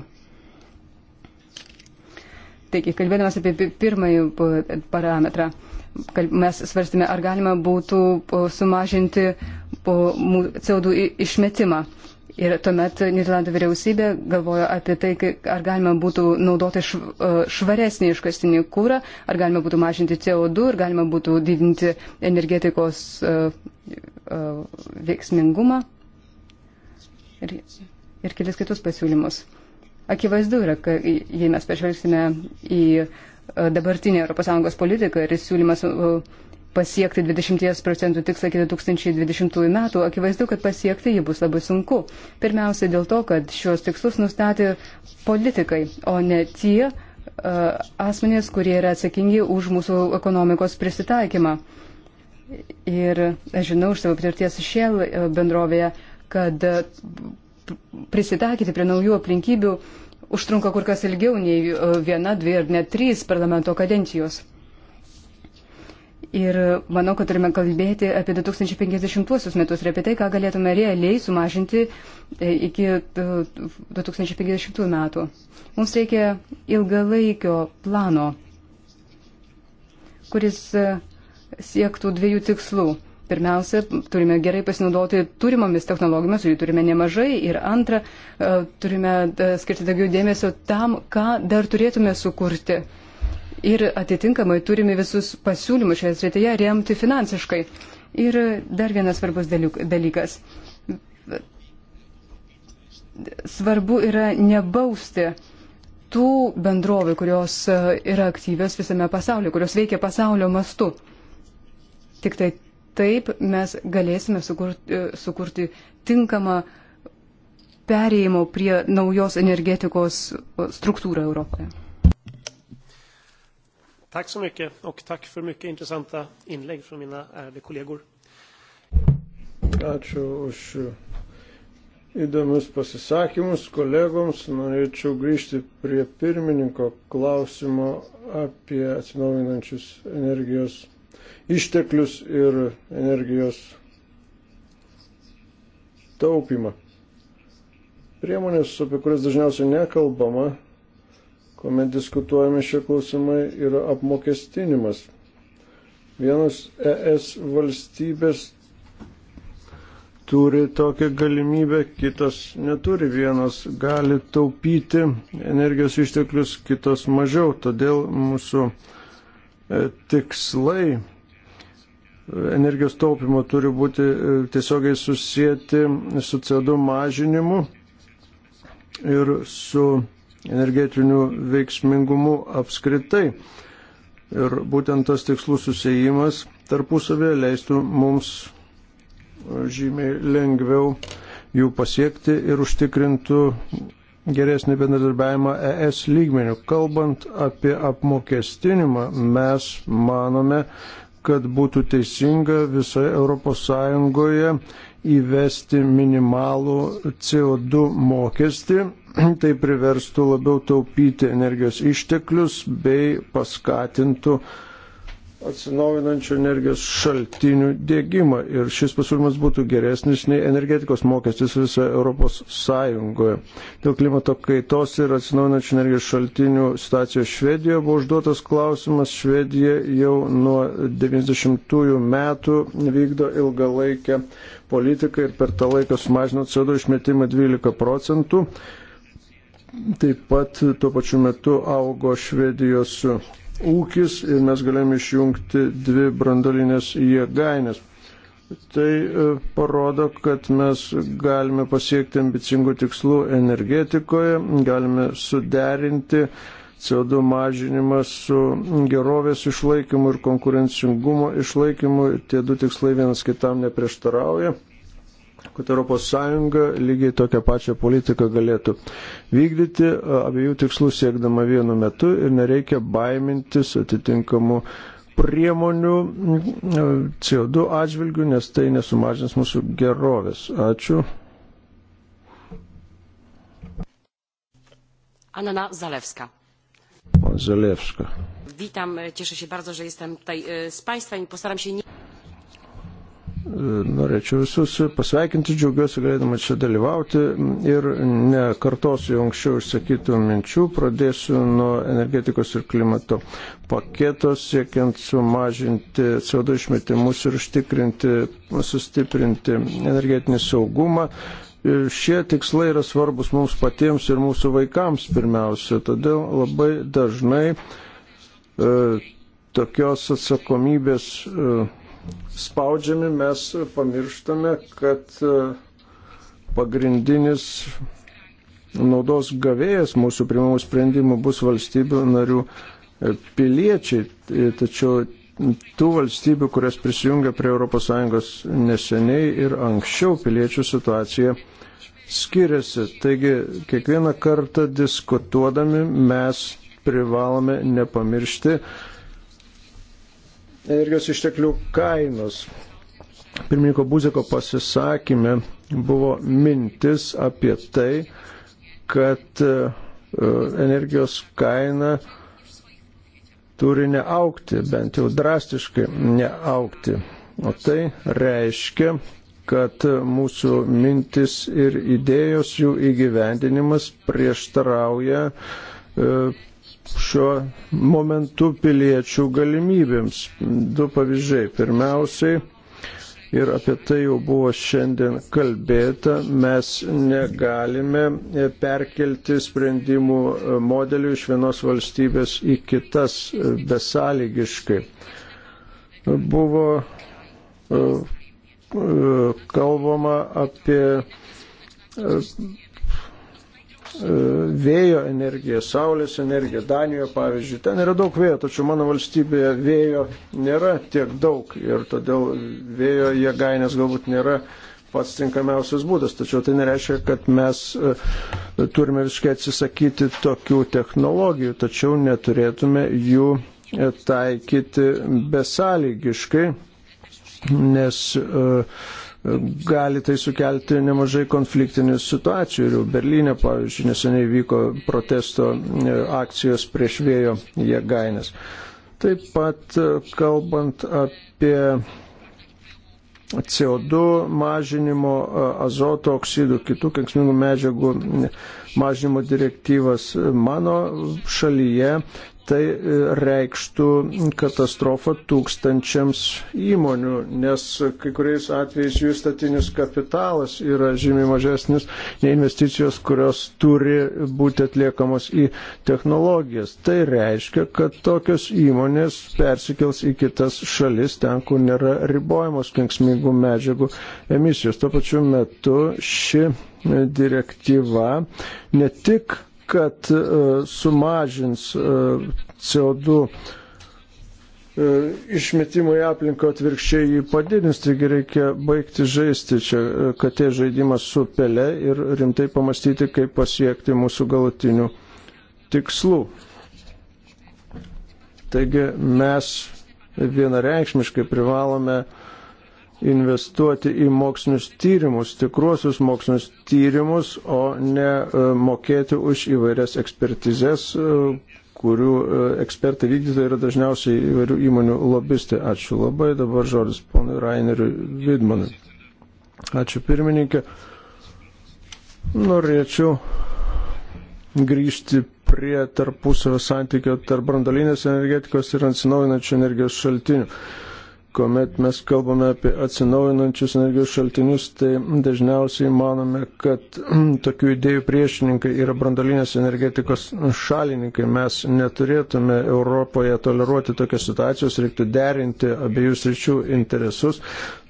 Taigi, kalbėdamas apie pirmąjį parametrą, mes svarstėme, ar galima būtų sumažinti CO2 išmetimą. Ir tuomet Niderlandų vyriausybė galvojo apie tai, ar galima būtų naudoti e, švaresnį iškastinį kūrą, ar galima būtų mažinti CO2, ar galima būtų didinti energetikos e, e, veiksmingumą ir, ir kelis kitus pasiūlymus. Akivaizdu yra, kad jei mes pažvelgsime į dabartinę ES politiką ir siūlymas uh, pasiekti 20 procentų tikslą iki 2020 metų, akivaizdu, kad pasiekti jį bus labai sunku. Pirmiausia dėl to, kad šios tikslus nustatė politikai, o ne tie uh, asmenys, kurie yra atsakingi už mūsų ekonomikos prisitaikymą. Ir aš žinau iš savo patirties šėl e, bendrovėje, kad e, prisitaikyti prie naujų aplinkybių užtrunka kur kas ilgiau nei viena, dvi ar net trys parlamento kadencijos. Ir manau, kad turime kalbėti apie 2050 metus ir apie tai, ką galėtume realiai sumažinti e, iki 2050 e, metų. Mums reikia ilgalaikio plano, kuris e, siektų dviejų tikslų. Pirmiausia, turime gerai pasinaudoti turimomis technologijomis, jų turime nemažai. Ir antra, turime skirti daugiau dėmesio tam, ką dar turėtume sukurti ir atitinkamai turime visus pasiūlymus šioje srityje remti finansiškai. Ir dar vienas svarbus dalykas. Svarbu yra nebausti tų bendrovių, kurios e, yra aktyvios visame pasaulyje, kurios veikia pasaulio mastu. Tik tai taip mes galėsime sukurti, e, sukurti tinkamą perėjimo prie naujos energetikos e, struktūrą Europoje. Tack så mycket och tack för mycket intressanta inlägg från mina ärade kollegor. Ačiū už įdomius pasisakymus kolegoms. Norėčiau grįžti prie pirmininko klausimo apie atsinaujinančius energijos išteklius ir energijos taupimą. Priemonės, apie kurias dažniausiai nekalbama, kuomet diskutuojame šie klausimai, yra apmokestinimas. Vienas ES valstybės turi tokią galimybę, kitos neturi. Vienos gali taupyti energijos išteklius, kitos mažiau. Todėl mūsų e, tikslai e, energijos taupimo turi būti e, tiesiogiai susijęti su CO2 mažinimu ir su energetiniu veiksmingumu apskritai. Ir būtent tas tikslų susijimas tarpusavėje leistų mums e, žymiai lengviau jų pasiekti ir užtikrintų geresnį bendradarbiavimą ES lygmenių. Kalbant apie apmokestinimą, mes manome, kad būtų teisinga visoje ES įvesti minimalų CO2 mokestį tai priverstų labiau taupyti energijos išteklius bei paskatintų atsinaujinančių energijos šaltinių dėgymą. Ir šis pasiūlymas būtų geresnis nei energetikos mokestis visoje Europos Sąjungoje. Dėl klimato kaitos ir atsinaujinančių energijos šaltinių situacijos Švedijoje buvo užduotas klausimas. Švedija jau nuo 90-ųjų metų vykdo ilgalaikę politiką ir per tą laiką sumažino CO2 išmetimą 12 procentų. Taip pat tuo pačiu metu augo Švedijos ūkis ir mes galėjome išjungti dvi brandolinės jėgainės. Tai e, parodo, kad mes galime pasiekti ambicingų tikslų energetikoje, galime suderinti CO2 mažinimą su gerovės išlaikymu ir konkurencingumo išlaikymu. Tie du tikslai vienas kitam neprieštarauja kad ES lygiai tokią pačią politiką galėtų vykdyti, abiejų tikslų siekdama vienu metu ir nereikia baimintis atitinkamų priemonių CO2 atžvilgių, nes tai nesumažins mūsų gerovės. Ačiū. Anna Zalewska. Zalewska. Witam, cieszę się bardzo, że jestem tutaj e, z Państwem i postaram się nie... Norėčiau visus pasveikinti, džiaugiuosi galėdama čia dalyvauti ir nekartosiu anksčiau išsakytų minčių, pradėsiu nuo energetikos ir klimato paketos, siekiant sumažinti CO2 išmetimus ir užtikrinti, sustiprinti energetinį saugumą. Šie tikslai yra svarbus mums patiems ir mūsų vaikams pirmiausia, todėl labai dažnai e, tokios atsakomybės e, spaudžiami, mes pamirštame, kad e, pagrindinis naudos gavėjas mūsų primamų sprendimų bus valstybių narių e, piliečiai. E, tačiau tų valstybių, kurias prisijungia prie ES neseniai ir anksčiau piliečių situacija skiriasi. Taigi kiekvieną kartą diskutuodami mes privalome nepamiršti, energijos išteklių kainos. Pirmininko Buziko pasisakymė buvo mintis apie tai, kad e, energijos kaina turi neaukti, bent jau drastiškai neaukti. O tai reiškia, kad mūsų mintis ir idėjos jų įgyvendinimas prieštarauja e, šiuo momentu piliečių galimybėms. Du pavyzdžiai. Pirmiausiai, ir apie tai jau buvo šiandien kalbėta, mes negalime perkelti sprendimų modelių iš vienos valstybės į kitas besąlygiškai. Buvo e, e, kalbama apie e, E, vėjo energiją, saulės energiją, Danijoje pavyzdžiui. Ten yra daug vėjo, tačiau mano valstybėje vėjo nėra tiek daug ir todėl vėjo jėgainės galbūt nėra pats tinkamiausias būdas. Tačiau tai nereiškia, kad mes e, turime visiškai atsisakyti tokių technologijų, tačiau neturėtume jų e, taikyti besąlygiškai, nes uh, gali tai sukelti nemažai konfliktinių situacijų. Ir Berlyne, pavyzdžiui, neseniai vyko protesto e, akcijos prieš vėjo jėgainės. Taip pat e, kalbant apie CO2 mažinimo, e, azoto oksidų, kitų kenksmingų medžiagų mažinimo direktyvas mano šalyje tai e, reikštų katastrofą tūkstančiams įmonių, nes kai kuriais atvejais jų statinis kapitalas yra žymiai mažesnis nei investicijos, kurios turi būti atliekamos į technologijas. Tai reiškia, kad tokios įmonės persikels į kitas šalis, ten, kur nėra ribojamos kenksmingų medžiagų emisijos. Tuo pačiu metu ši direktyva ne tik kad e, sumažins e, CO2 e, išmetimo į aplinką atvirkščiai jį padidins, taigi reikia baigti žaisti čia, kad tie žaidimas su pele ir rimtai pamastyti, kaip pasiekti mūsų galutinių tikslų. Taigi mes vienareikšmiškai privalome uh, investuoti į mokslinius tyrimus, tikruosius mokslinius tyrimus, o ne e, mokėti už įvairias ekspertizės, e, kurių e, ekspertai vykdytojai yra dažniausiai įvairių įmonių lobistai. Ačiū labai, dabar žodis ponui Raineriui Vidmanui. Ačiū pirmininkė. Norėčiau grįžti prie tarpusavio santykio tarp brandolinės energetikos ir atsinaujinančių energijos šaltinių kuomet mes kalbame apie atsinaujinančius energijos šaltinius, tai dažniausiai manome, kad tokių idėjų priešininkai yra brandolinės energetikos šalininkai. Mes neturėtume Europoje toleruoti tokios situacijos, reiktų derinti abiejų sričių interesus.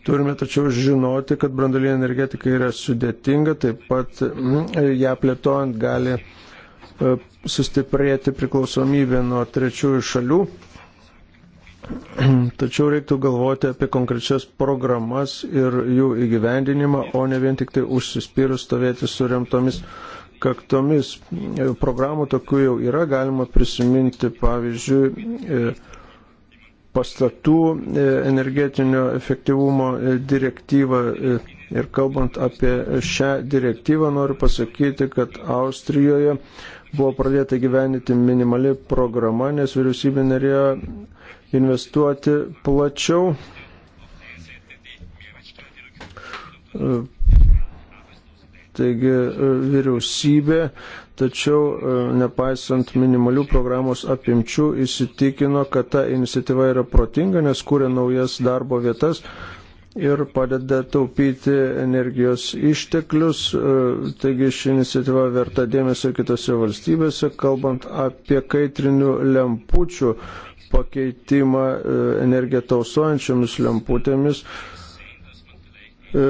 Turime tačiau žinoti, kad brandolinė energetika yra sudėtinga, taip pat mm, ją plėtojant gali e, sustiprėti priklausomybė nuo trečiųjų šalių Tačiau reiktų galvoti apie konkrečias programas ir jų įgyvendinimą, o ne vien tik tai užsispyrus stovėti su remtomis kaktomis. Programų tokių jau yra, galima prisiminti, pavyzdžiui, e, pastatų e, energetinio efektyvumo e, direktyvą. Ir kalbant apie šią direktyvą, noriu pasakyti, kad Austrijoje buvo pradėta gyveninti minimali programa, nes vyriausybė norėjo investuoti plačiau. Taigi vyriausybė, tačiau nepaisant minimalių programos apimčių, įsitikino, kad ta iniciatyva yra protinga, nes kūrė naujas darbo vietas ir padeda taupyti energijos išteklius. Taigi ši iniciatyva verta dėmesio kitose valstybėse, kalbant apie kaitrinių lempučių pakeitimą e, energiją tausojančiomis lemputėmis. E,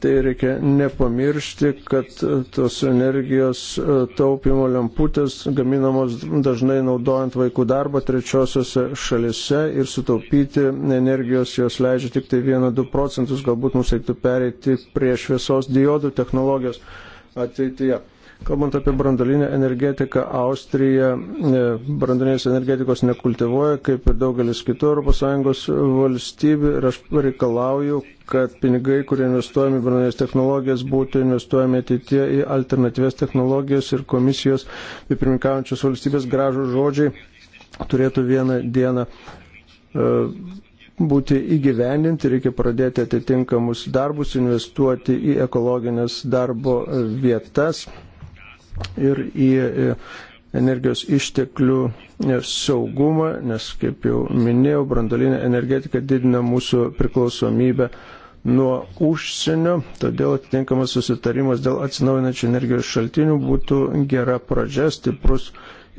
tai reikia nepamiršti, kad tos energijos e, taupimo lemputės gaminamos dažnai naudojant vaikų darbą trečiosiose šalise ir sutaupyti energijos jos leidžia tik tai 1-2 procentus, galbūt mums reiktų pereiti prie šviesos diodų technologijos ateityje. Tai, Kalbant apie brandolinę energetiką, Austrija e, brandolinės energetikos nekultivuoja, kaip ir daugelis kitų ES valstybių. Ir aš reikalauju, kad pinigai, kurie investuojami į brandolinės technologijas, būtų investuojami ateitie į alternatyves technologijas ir komisijos bei pirmininkaujančios valstybės gražų žodžiai turėtų vieną dieną e, būti įgyvendinti, reikia pradėti atitinkamus darbus, investuoti į ekologinės darbo vietas ir į e, energijos išteklių e, saugumą, nes, kaip jau minėjau, brandolinė energetika didina mūsų priklausomybę nuo užsienio, todėl atitinkamas susitarimas dėl atsinaujinančių energijos šaltinių būtų gera pradžia, stiprus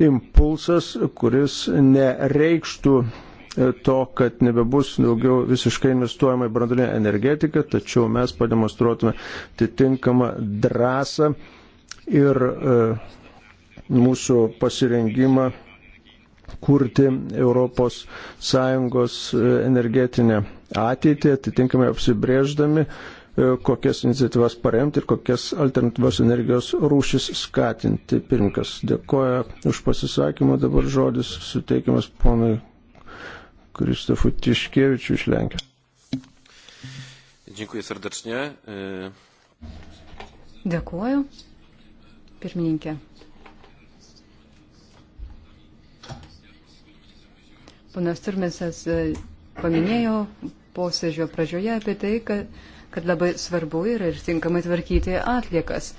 impulsas, kuris nereikštų e, to, kad nebebus daugiau visiškai investuojama į branduolinę energetiką, tačiau mes pademonstruotume atitinkamą drąsą ir e, mūsų pasirengimą kurti ES e, energetinę ateitį, atitinkamai apsibrėždami, e, kokias iniciatyvas paremti ir kokias alternatyvas energijos rūšis skatinti. Pirmkas dėkoja už pasisakymą, dabar žodis suteikiamas ponui Kristofui Tiškievičiu iš Lenkijos. Dziękuję serdecznie. Dėkuoju. Pirmininkė. Panas Turmesas e, paminėjo posėdžio pradžioje apie tai, kad, kad labai svarbu yra ir tinkamai tvarkyti atliekas.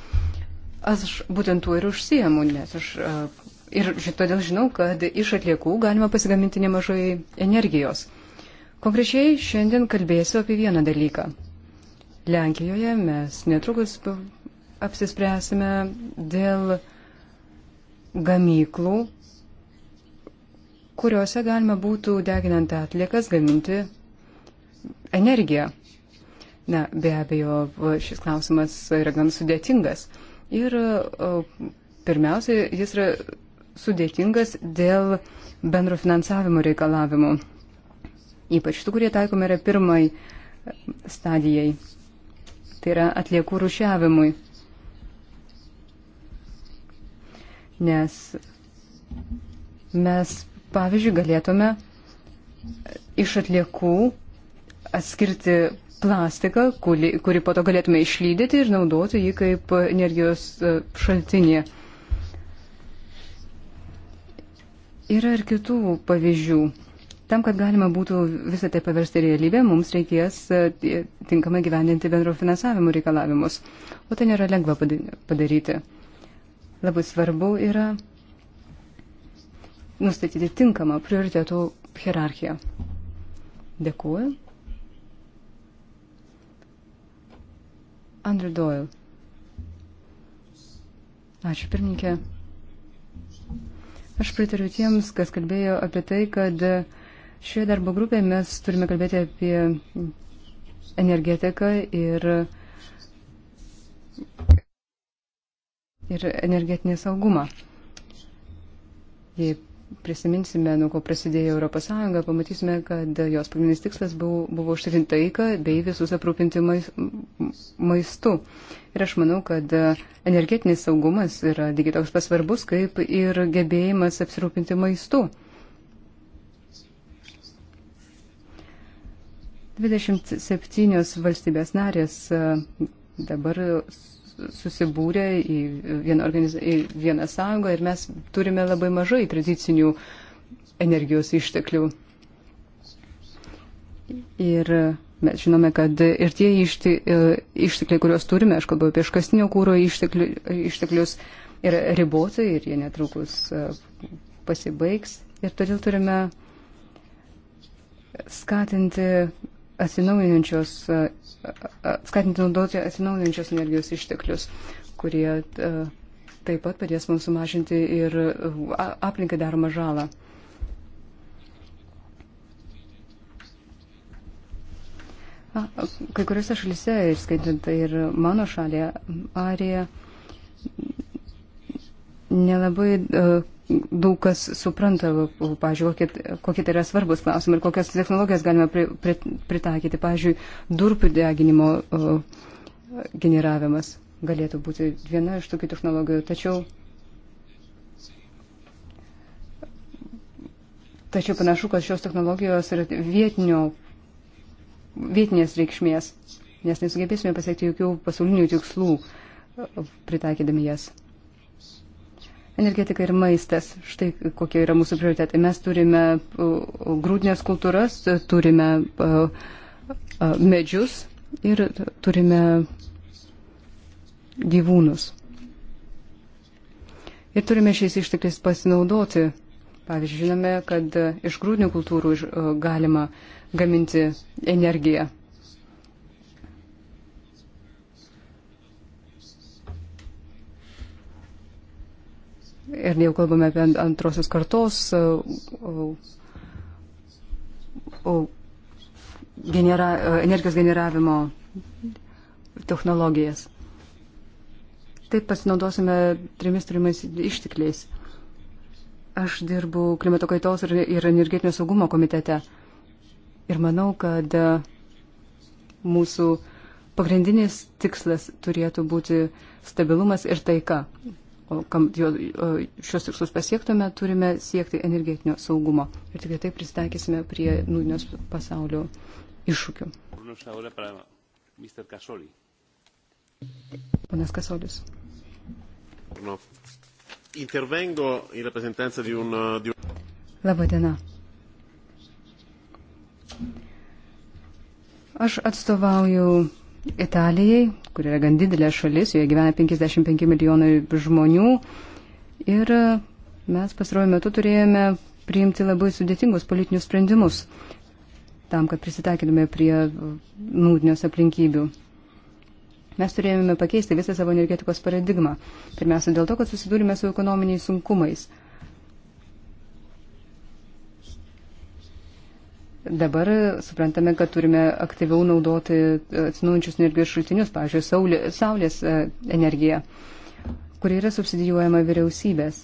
Aš būtent tuo ir užsiemu, nes aš e, ir todėl žinau, kad iš atliekų galima pasigaminti nemažai energijos. Konkrečiai šiandien kalbėsiu apie vieną dalyką. Lenkijoje mes netrukus apsispręsime dėl gamyklų, kuriuose galima būtų deginant atliekas gaminti energiją. Na, be abejo, šis klausimas yra gan sudėtingas. Ir pirmiausia, jis yra sudėtingas dėl bendro finansavimo reikalavimų. Ypač tų, kurie taikomi yra pirmai stadijai. Tai yra atliekų rušiavimui. nes mes, pavyzdžiui, galėtume iš atliekų atskirti plastiką, kurį, kurį po to galėtume išlydyti ir naudoti jį kaip energijos e, šaltinį. Yra ir kitų pavyzdžių. Tam, kad galima būtų visą tai paversti realybę, mums reikės e, tinkamai gyvendinti bendro finansavimo reikalavimus. O tai nėra lengva padaryti. Labai svarbu yra nustatyti tinkamą prioritėtų hierarchiją. Dėkuoju. Andrew Doyle. Ačiū pirmininkė. Aš pritariu tiems, kas kalbėjo apie tai, kad šioje darbo grupėje mes turime kalbėti apie energetiką ir uh, ir energetinį saugumą. Jei prisiminsime, nuo ko prasidėjo ES, pamatysime, kad jos pagrindinis tikslas buvo, buvo užtikrinti taiką bei visus aprūpinti mais, maistu. Ir aš manau, kad energetinis saugumas yra lygiai toks pasvarbus, kaip ir gebėjimas apsirūpinti maistu. 27 valstybės narės dabar susibūrę į vieną, organiz... į vieną sąjungą ir mes turime labai mažai tradicinių energijos išteklių. Ir mes žinome, kad ir tie išti, e, ištekliai, kuriuos turime, aš kalbu apie iškastinio kūro išteklių, išteklius, yra ribotai ir jie netrukus e, pasibaigs. Ir todėl turime skatinti atsinaujinančios, skatinti naudoti atsinaujinančios energijos išteklius, kurie taip pat padės mums sumažinti ir aplinkai daromą žalą. Kai kuriuose šalyse, skaitant ir mano šalį, Arija nelabai daug kas supranta, pažiūrėjau, kokie tai yra svarbus klausimai ir kokias technologijas galime pri, pri, pritaikyti. Pavyzdžiui, durpių deginimo o, generavimas galėtų būti viena iš tokių technologijų. Tačiau, tačiau panašu, kad šios technologijos yra vietinio, vietinės reikšmės, nes nesugebėsime pasiekti jokių pasaulinių tikslų pritaikydami jas energetika ir maistas. Štai kokie yra mūsų prioritetai. Mes turime uh, grūdinės kultūras, turime uh, uh, medžius ir turime gyvūnus. Ir turime šiais ištekliais pasinaudoti. Pavyzdžiui, žinome, kad iš grūdinių kultūrų galima gaminti energiją. Ir jau kalbame apie antrosios kartos e, e, e, genera, energijos generavimo technologijas. Taip pasinaudosime trimis turimais ištikliais. Aš dirbu klimato kaitos ir, ir energetinio saugumo komitete. Ir manau, kad mūsų pagrindinis tikslas turėtų būti stabilumas ir taika kam, jo, šios tikslus pasiektume, turime siekti energetinio saugumo ir tik taip pristaikysime prie nūdienos pasaulio iššūkių. Panas Kasolis. Intervengo in rappresentanza di un... Di un... Labadiena. Aš atstovauju Italijai, kur yra gan didelė šalis, joje gyvena 55 milijonai žmonių. Ir e, mes pastarojame metu turėjome priimti labai sudėtingus politinius sprendimus tam, kad prisitaikytume prie e, nūdinios aplinkybių. Mes turėjome pakeisti visą savo energetikos paradigmą. Pirmiausia, dėl to, kad susidūrime su ekonominiais sunkumais. Dabar suprantame, kad turime aktyviau naudoti atsinaujančius energijos šaltinius, pavyzdžiui, saulė, saulės e, energiją, kuri yra subsidijuojama vyriausybės.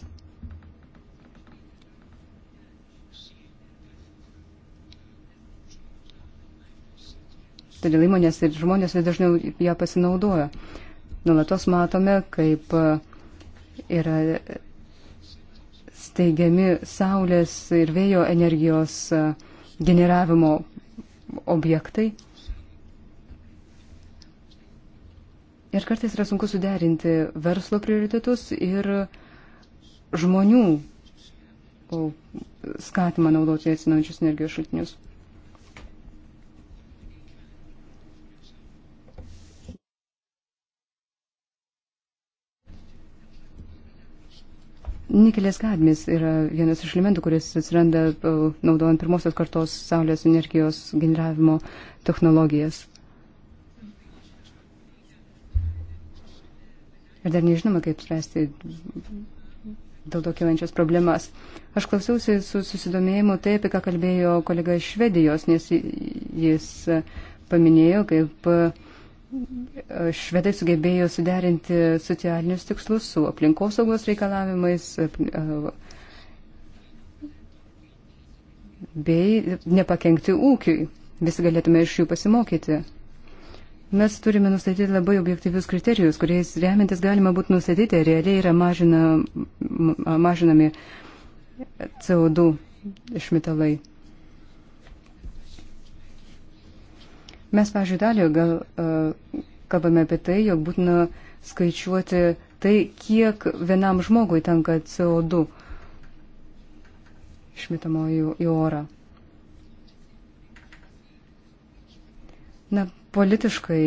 Todėl įmonės ir žmonės vis dažniau ją pasinaudoja. Nulatos matome, kaip e, yra steigiami saulės ir vėjo energijos uh, generavimo objektai. Ir kartais yra sunku suderinti verslo prioritetus ir žmonių skatimą naudoti atsinaujančius energijos šaltinius. Nikelės kadmis yra vienas iš elementų, kuris atsiranda naudojant pirmosios kartos saulės energijos generavimo technologijas. Ir dar nežinoma, kaip spręsti dėl to kilančias problemas. Aš klausiausi su susidomėjimu tai, apie ką kalbėjo kolega iš Švedijos, nes jis paminėjo, kaip švedai sugebėjo suderinti socialinius tikslus su aplinkosaugos reikalavimais e, bei nepakengti ūkiui. Visi galėtume iš jų pasimokyti. Mes turime nustatyti labai objektyvius kriterijus, kuriais remiantis galima būtų nustatyti, realiai yra mažina, mažinami CO2 išmetalai. Mes, pažiūrėjau, dalį gal uh, kalbame apie tai, jog būtina skaičiuoti tai, kiek vienam žmogui tenka CO2 išmetamo į, į orą. Na, politiškai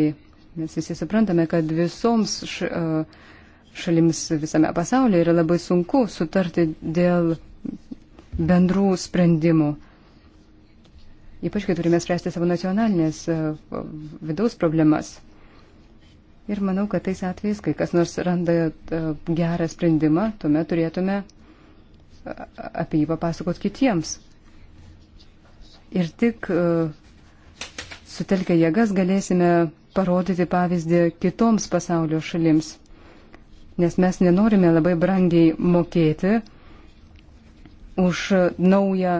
mes visi suprantame, kad visoms š, e, šalims visame pasaulyje yra labai sunku sutarti dėl bendrų sprendimų ypač kai turime spręsti savo nacionalinės e, vidaus problemas. Ir manau, kad tais atvejais, kai kas nors randa e, gerą sprendimą, tuomet turėtume e, apie jį papasakot kitiems. Ir tik sutelkę jėgas galėsime parodyti pavyzdį kitoms pasaulio šalims. Nes mes nenorime labai brangiai mokėti už naują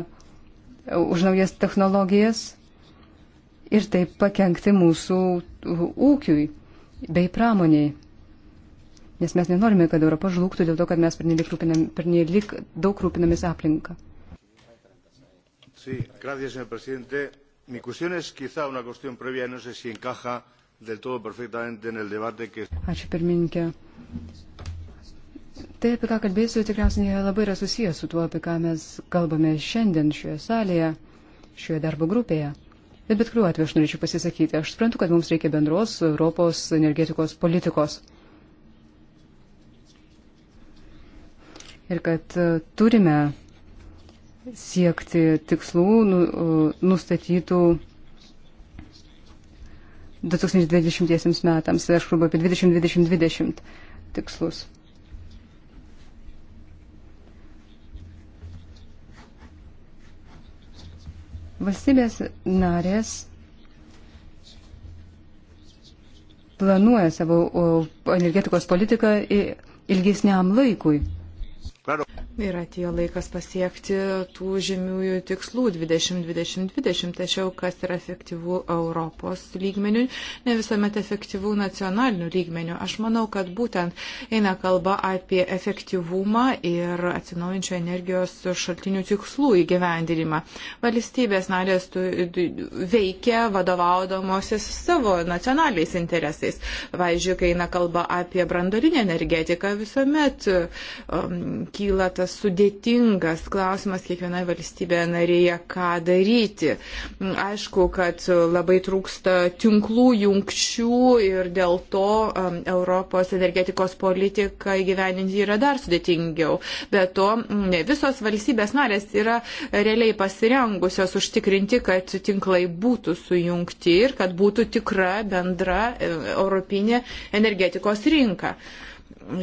už naujas technologijas ir taip pakengti mūsų ūkiui bei pramoniai. Nes mes nenorime, kad Europa žlugtų dėl to, kad mes pernelik, rūpinam, pernelik daug rūpinamės aplinką. Sí, gracias, señor presidente. Mi cuestión es quizá una cuestión previa, no sé si encaja del todo perfectamente en el debate que. Ačiū pirmininkė. Tai, apie ką kalbėsiu, tikriausiai labai yra susijęs su tuo, apie ką mes kalbame šiandien šioje salėje, šioje darbo grupėje. Bet bet kuriuo atveju aš norėčiau pasisakyti. Aš suprantu, kad mums reikia bendros Europos energetikos politikos. Ir kad e, turime siekti tikslų nu, e, nustatytų 2020 metams. Tai aš kalbu apie 2020-2020 tikslus. Valstybės narės planuoja savo energetikos politiką ilgesniam laikui. Ir atėjo laikas pasiekti tų žymiųjų tikslų 2020-2020, tačiau kas yra efektyvų Europos lygmenių, ne visuomet efektyvų nacionalinių lygmenių. Aš manau, kad būtent eina kalba apie efektyvumą ir atsinaujančio energijos šaltinių tikslų įgyvendinimą. Valstybės narės veikia vadovaudomosis savo nacionaliais interesais. Važiuoju, kai eina kalba apie brandolinę energetiką, visuomet um, kyla tas kompleksas, sudėtingas klausimas kiekvienoje valstybėje narėje, ką daryti. Aišku, kad labai trūksta tinklų jungčių ir dėl to um, Europos energetikos politika įgyveninti yra dar sudėtingiau. Be to, ne visos valstybės narės yra realiai pasirengusios užtikrinti, kad tinklai būtų sujungti ir kad būtų tikra bendra e, europinė energetikos rinka. Uh,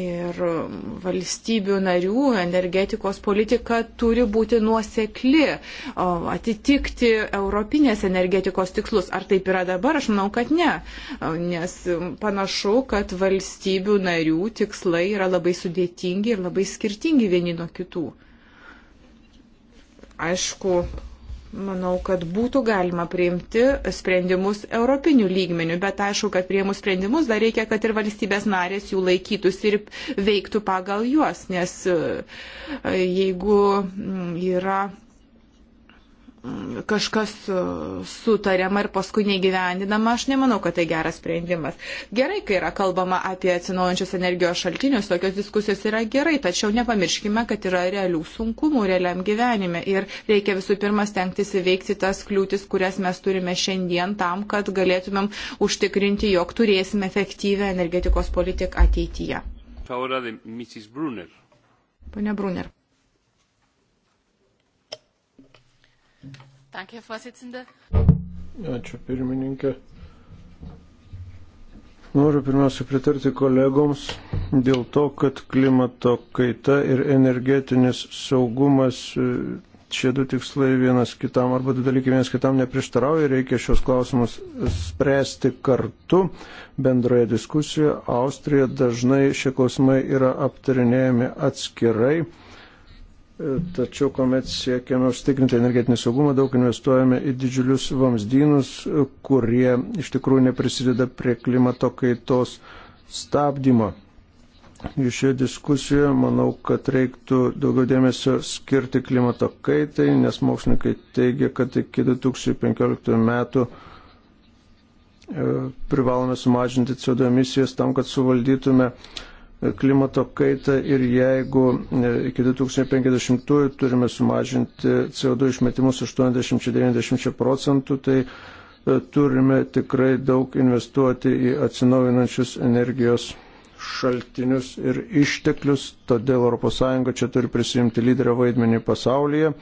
ir valstybių narių energetikos politika turi būti nuosekli, atitikti europinės energetikos tikslus. Ar taip yra dabar? Aš manau, kad ne, nes panašu, kad valstybių narių tikslai yra labai sudėtingi ir labai skirtingi vieni nuo kitų. Aišku, Manau, kad būtų galima priimti sprendimus europinių lygmenių, bet aišku, kad prieimus sprendimus dar reikia, kad ir valstybės narės jų laikytųsi ir veiktų pagal juos, nes e, jeigu mm, yra kažkas e, sutariama ir paskui negyvendinama, aš nemanau, kad tai geras sprendimas. Gerai, kai yra kalbama apie atsinaujančius energijos šaltinius, tokios diskusijos yra gerai, tačiau nepamirškime, kad yra realių sunkumų realiam gyvenime ir reikia visų pirma stengtis įveikti tas kliūtis, kurias mes turime šiandien tam, kad galėtumėm užtikrinti, jog turėsime efektyvę energetikos politiką ateityje. Pane Brunner. Danke, Herr Vorsitzende. Ačiū pirmininkė. Noriu pirmiausia pritarti kolegoms dėl to, kad klimato kaita ir energetinis saugumas, e, šie du tikslai vienas kitam arba du dalykai vienas kitam neprieštarauja, reikia šios klausimus spręsti kartu bendroje diskusijoje. Austrija dažnai šie klausimai yra aptarinėjami atskirai Tačiau, kuomet siekiame užtikrinti energetinį saugumą, daug investuojame į didžiulius vamzdynus, kurie iš tikrųjų neprisideda prie klimato kaitos stabdymo. Iš šioje diskusijoje manau, kad reiktų daugiau dėmesio skirti klimato kaitai, nes mokslininkai teigia, kad iki 2015 metų e, privalome sumažinti CO2 emisijas tam, kad suvaldytume uh, klimato kaitą ir jeigu e, iki 2050-ųjų turime sumažinti CO2 išmetimus 80-90 procentų, tai e, turime tikrai daug investuoti į atsinaujinančius energijos šaltinius ir išteklius, todėl ES čia turi prisimti lyderio vaidmenį pasaulyje,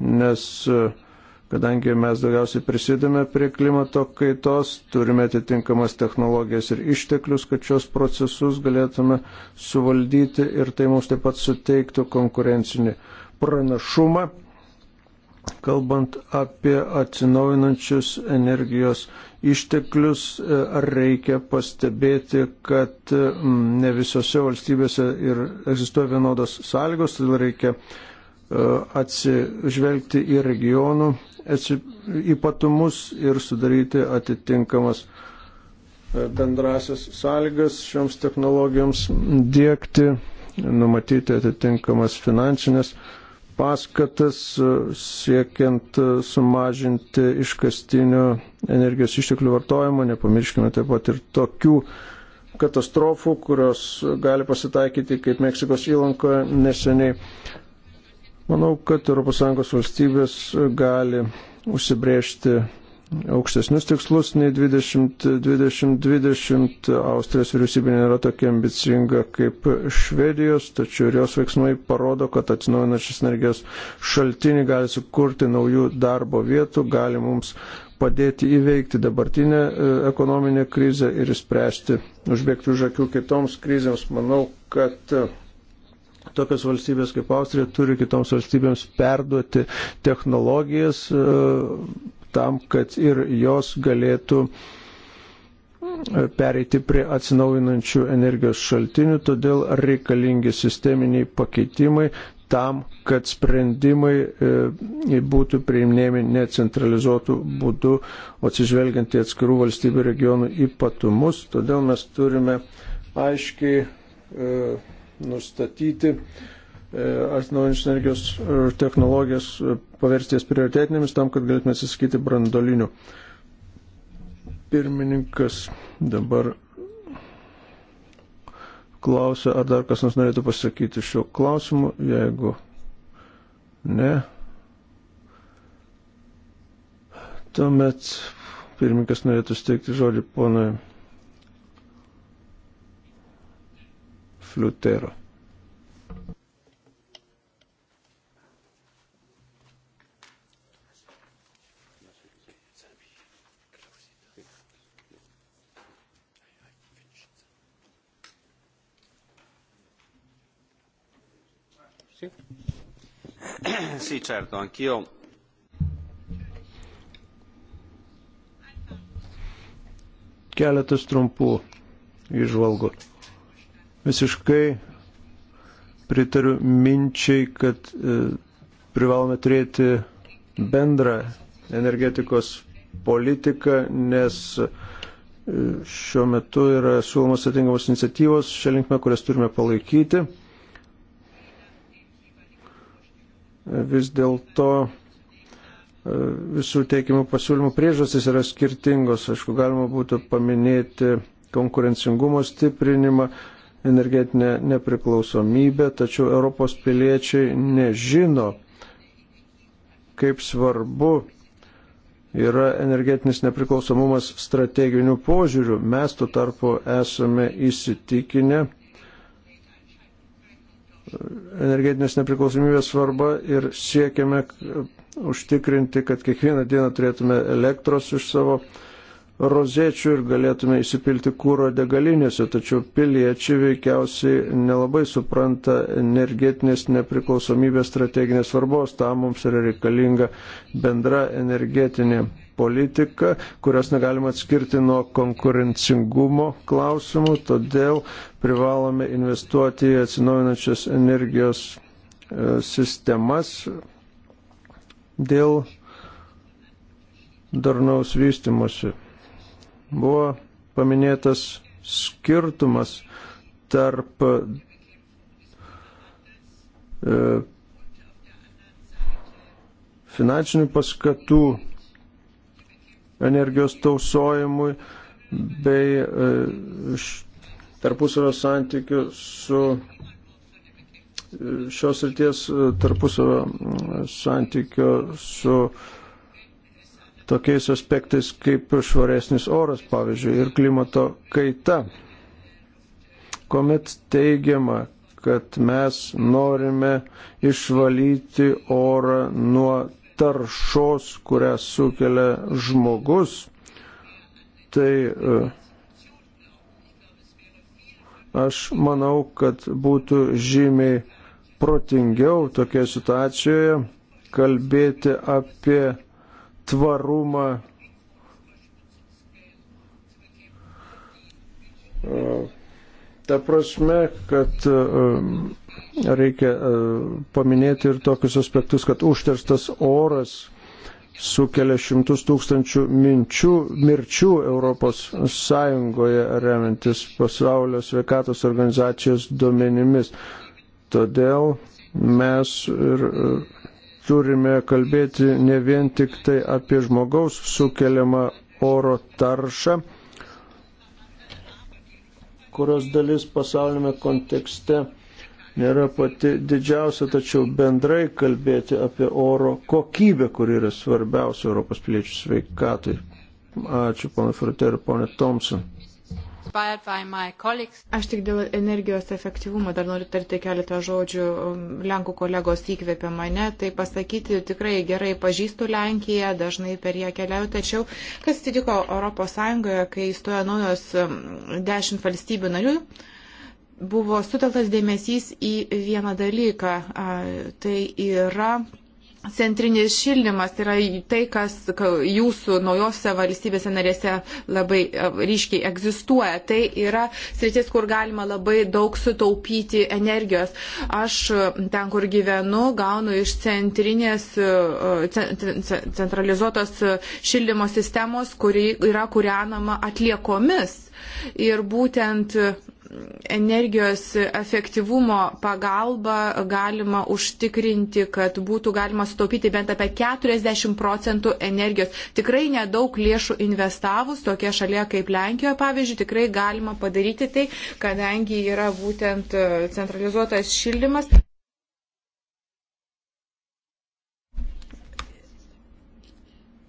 nes uh, Kadangi mes daugiausiai prisidame prie klimato kaitos, turime atitinkamas technologijas ir išteklius, kad šios procesus galėtume suvaldyti ir tai mums taip pat suteiktų konkurencinį pranašumą, kalbant apie atsinaujinančius energijos išteklius, e, reikia pastebėti, kad ne visose valstybėse ir egzistuoja vienodos sąlygos, todėl reikia e, atsižvelgti į regionų ypatumus ir sudaryti atitinkamas e, bendrasias sąlygas šioms technologijoms dėkti, numatyti atitinkamas finansinės paskatas e, siekiant e, sumažinti iškastinio energijos išteklių vartojimą. Nepamirškime taip pat ir tokių katastrofų, kurios gali pasitaikyti, kaip Meksikos įlankoje neseniai Manau, kad ES valstybės gali užsibriežti aukštesnius tikslus nei 20-20-20. Austrijos vyriausybė nėra tokia ambicinga kaip Švedijos, tačiau ir jos veiksmai parodo, kad atsinaujinančios energijos šaltiniai gali sukurti naujų darbo vietų, gali mums padėti įveikti dabartinę e, ekonominę krizę ir išspręsti, užbėgti už akių kitoms krizėms. Manau, kad e, Tokios valstybės kaip Austrija turi kitoms valstybėms perduoti technologijas e, tam, kad ir jos galėtų e, pereiti prie atsinaujinančių energijos šaltinių, todėl reikalingi sisteminiai pakeitimai tam, kad sprendimai e, būtų priimnėmi necentralizuotų būdų, atsižvelgiant į atskirų valstybių regionų ypatumus. Todėl mes turime aiškiai nustatyti e, atsinaujinčios energijos e, technologijas, e, paversti jas prioritetinėmis tam, kad galėtume atsisakyti brandolinių. Pirmininkas dabar klausia, ar dar kas nors norėtų pasakyti šiuo klausimu, jeigu ne. Tuomet pirmininkas norėtų steigti žodį ponui Fliutero. Sì, certo, anch'io. Keletas trumpų išvalgų. Visiškai pritariu minčiai, kad e, privalome turėti bendrą energetikos politiką, nes e, šiuo metu yra siūlomos atitinkamos iniciatyvos šią linkmę, kurias turime palaikyti. Vis dėlto e, visų teikimų pasiūlymų priežastys yra skirtingos. Aišku, galima būtų paminėti konkurencingumo stiprinimą, energetinę nepriklausomybę, tačiau Europos piliečiai nežino, kaip svarbu yra energetinis nepriklausomumas strateginių požiūrių. Mes tuo tarpu esame įsitikinę energetinės nepriklausomybės svarba ir siekiame užtikrinti, kad kiekvieną dieną turėtume elektros iš savo rozėčių ir galėtume įsipilti kūro degalinėse, tačiau piliečiai veikiausiai nelabai supranta energetinės nepriklausomybės strateginės svarbos, tam mums yra reikalinga bendra energetinė politika, kurios negalima atskirti nuo konkurencingumo klausimų, todėl privalome investuoti į atsinaujinančias energijos e, sistemas dėl darnaus vystimosi buvo paminėtas skirtumas tarp e, finansinių paskatų energijos tausojimui bei e, tarpusavio santykių su e, šios ryties tarpusavio santykio su uh, tokiais aspektais kaip švaresnis oras, pavyzdžiui, ir klimato kaita. Komet teigiama, kad mes norime išvalyti orą nuo taršos, kurią sukelia žmogus, tai e, aš manau, kad būtų žymiai protingiau tokioje situacijoje kalbėti apie tvarumą, Ta prasme, kad um, reikia uh, paminėti ir tokius aspektus, kad užterstas oras sukelia šimtus tūkstančių minčių, mirčių Europos Sąjungoje remiantis pasaulio sveikatos organizacijos duomenimis. Todėl mes ir uh, turime kalbėti ne vien tik tai apie žmogaus sukeliamą oro taršą, kurios dalis pasaulyme kontekste nėra pati didžiausia, tačiau bendrai kalbėti apie oro kokybę, kur yra svarbiausia Europos piliečių sveikatai. Ačiū, pana Fruteri, pana Thompson. Aš tik dėl energijos efektyvumo dar noriu tarti keletą žodžių. Um, Lenkų kolegos įkvėpė mane, tai pasakyti tikrai gerai pažįstu Lenkiją, dažnai per ją keliauju, tačiau kas atsitiko ES, kai įstojo naujos um, dešimt valstybių narių? Buvo suteltas dėmesys į vieną dalyką, tai yra centrinis šildymas tai yra tai, kas jūsų naujose valstybėse narėse labai ryškiai egzistuoja. Tai yra sritis, kur galima labai daug sutaupyti energijos. Aš ten, kur gyvenu, gaunu iš centrinės, centralizuotos šildymo sistemos, kuri yra kūrenama atliekomis. Ir būtent energijos efektyvumo pagalba galima užtikrinti, kad būtų galima sutaupyti bent apie 40 procentų energijos. Tikrai nedaug lėšų investavus, tokie šalia kaip Lenkijoje, pavyzdžiui, tikrai galima padaryti tai, kadangi yra būtent e, centralizuotas šildymas.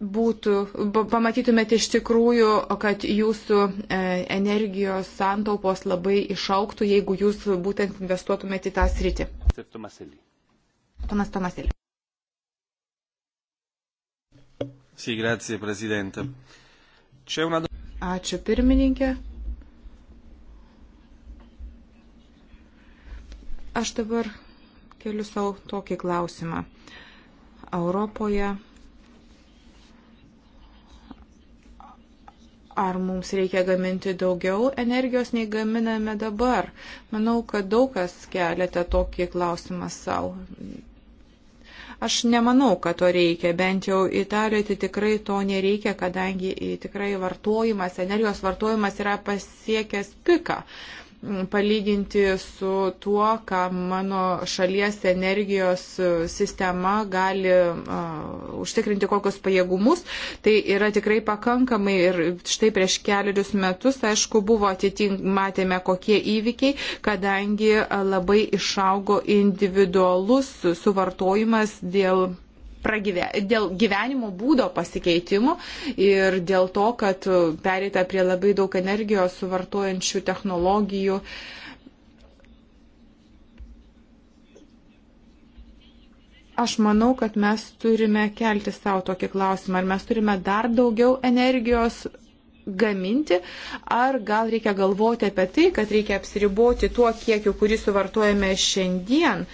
būtų, pamatytumėte iš tikrųjų, kad jūsų e, energijos santaupos labai išauktų, jeigu jūs būtent investuotumėte į tą sritį. Tomas Tomasėlė. Sì, grazie Presidente. C'è una... Ačiū pirmininkė. Aš dabar keliu savo tokį klausimą. Europoje ar mums reikia gaminti daugiau energijos nei gaminame dabar. Manau, kad daug kas keliate tokį klausimą savo. Aš nemanau, kad to reikia, bent jau Italijoje tai tikrai to nereikia, kadangi tikrai vartojimas, energijos vartojimas yra pasiekęs piką. Uh, palyginti su tuo, ką mano šalies energijos sistema gali uh, užtikrinti kokius pajėgumus, tai yra tikrai pakankamai ir štai prieš keliarius metus, aišku, buvo atitink, matėme kokie įvykiai, kadangi labai išaugo individualus suvartojimas dėl pragyve, dėl gyvenimo būdo pasikeitimų ir dėl to, kad perėta prie labai daug energijos suvartojančių technologijų. Aš manau, kad mes turime kelti savo tokį klausimą, ar mes turime dar daugiau energijos gaminti, ar gal reikia galvoti apie tai, kad reikia apsiriboti tuo kiekiu, kurį suvartojame šiandien.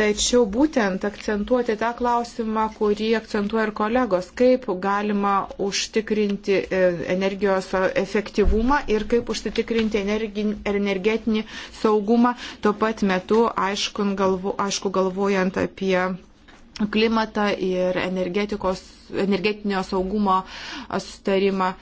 Tačiau būtent akcentuoti tą klausimą, kurį akcentuoja ir kolegos, kaip galima užtikrinti e, energijos efektyvumą ir kaip užsitikrinti energetinį saugumą, tuo pat metu, aišku, galvo, aišku galvojant apie klimatą ir energetinio saugumo sustarimą.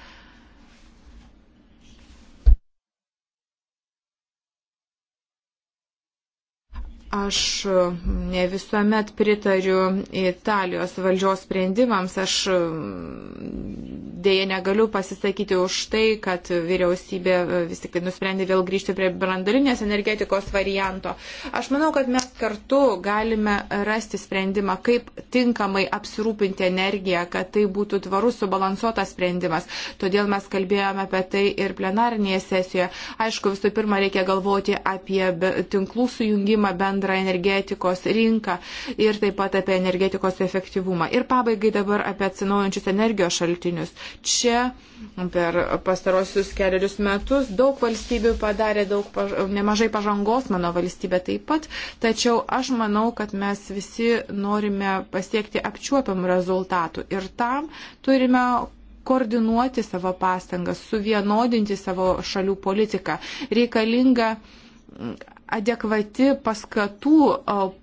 Aš mm, ne visuomet pritariu Italijos valdžios sprendimams. Aš mm, dėje negaliu pasisakyti už tai, kad vyriausybė e, vis tik nusprendė vėl grįžti prie brandalinės energetikos varianto. Aš manau, kad mes kartu galime rasti sprendimą, kaip tinkamai apsirūpinti energiją, kad tai būtų tvarus, subalansuotas sprendimas. Todėl mes kalbėjome apie tai ir plenarinėje sesijoje. Aišku, visų pirma, reikia galvoti apie tinklų sujungimą, bendrą energetikos rinką ir taip pat apie energetikos efektyvumą. Ir pabaigai dabar apie atsinaujančius energijos šaltinius. Čia per pastarosius keliarius metus daug valstybių padarė daug, nemažai pažangos, mano valstybė taip pat, tačiau aš manau, kad mes visi norime pasiekti apčiuopiamų rezultatų ir tam turime koordinuoti savo pastangas, suvienodinti savo šalių politiką. Reikalinga adekvati paskatų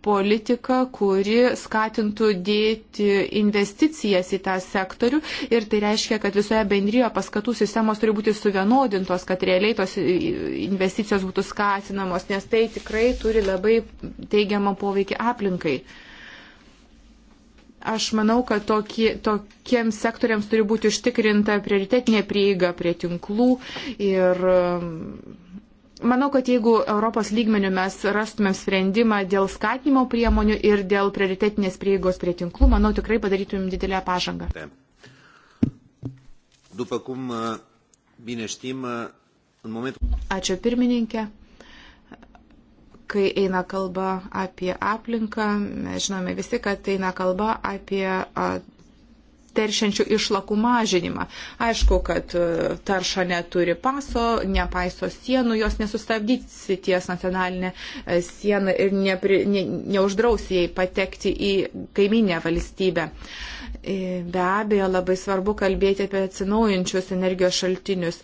politika, kuri skatintų dėti investicijas į tą sektorių ir tai reiškia, kad visoje bendrijoje paskatų sistemos turi būti suvienodintos, kad realiai tos investicijos būtų skatinamos, nes tai tikrai turi labai teigiamą poveikį aplinkai. Aš manau, kad tokie, tokiems sektoriams turi būti užtikrinta prioritetinė prieiga prie tinklų ir Manau, kad jeigu Europos lygmenių mes rastumėm sprendimą dėl skatinimo priemonių ir dėl prioritetinės prieigos prie tinklų, manau, tikrai padarytumėm didelę pažangą. Ačiū pirmininkė kai eina kalba apie aplinką, mes žinome visi, kad eina kalba apie teršiančių išlakų mažinimą. Aišku, kad e, tarša neturi paso, nepaiso sienų, jos nesustabdysi ties nacionalinę e, sieną ir nepri, ne, neuždrausi jai patekti į kaiminę valstybę. E, be abejo, labai svarbu kalbėti apie atsinaujančius energijos šaltinius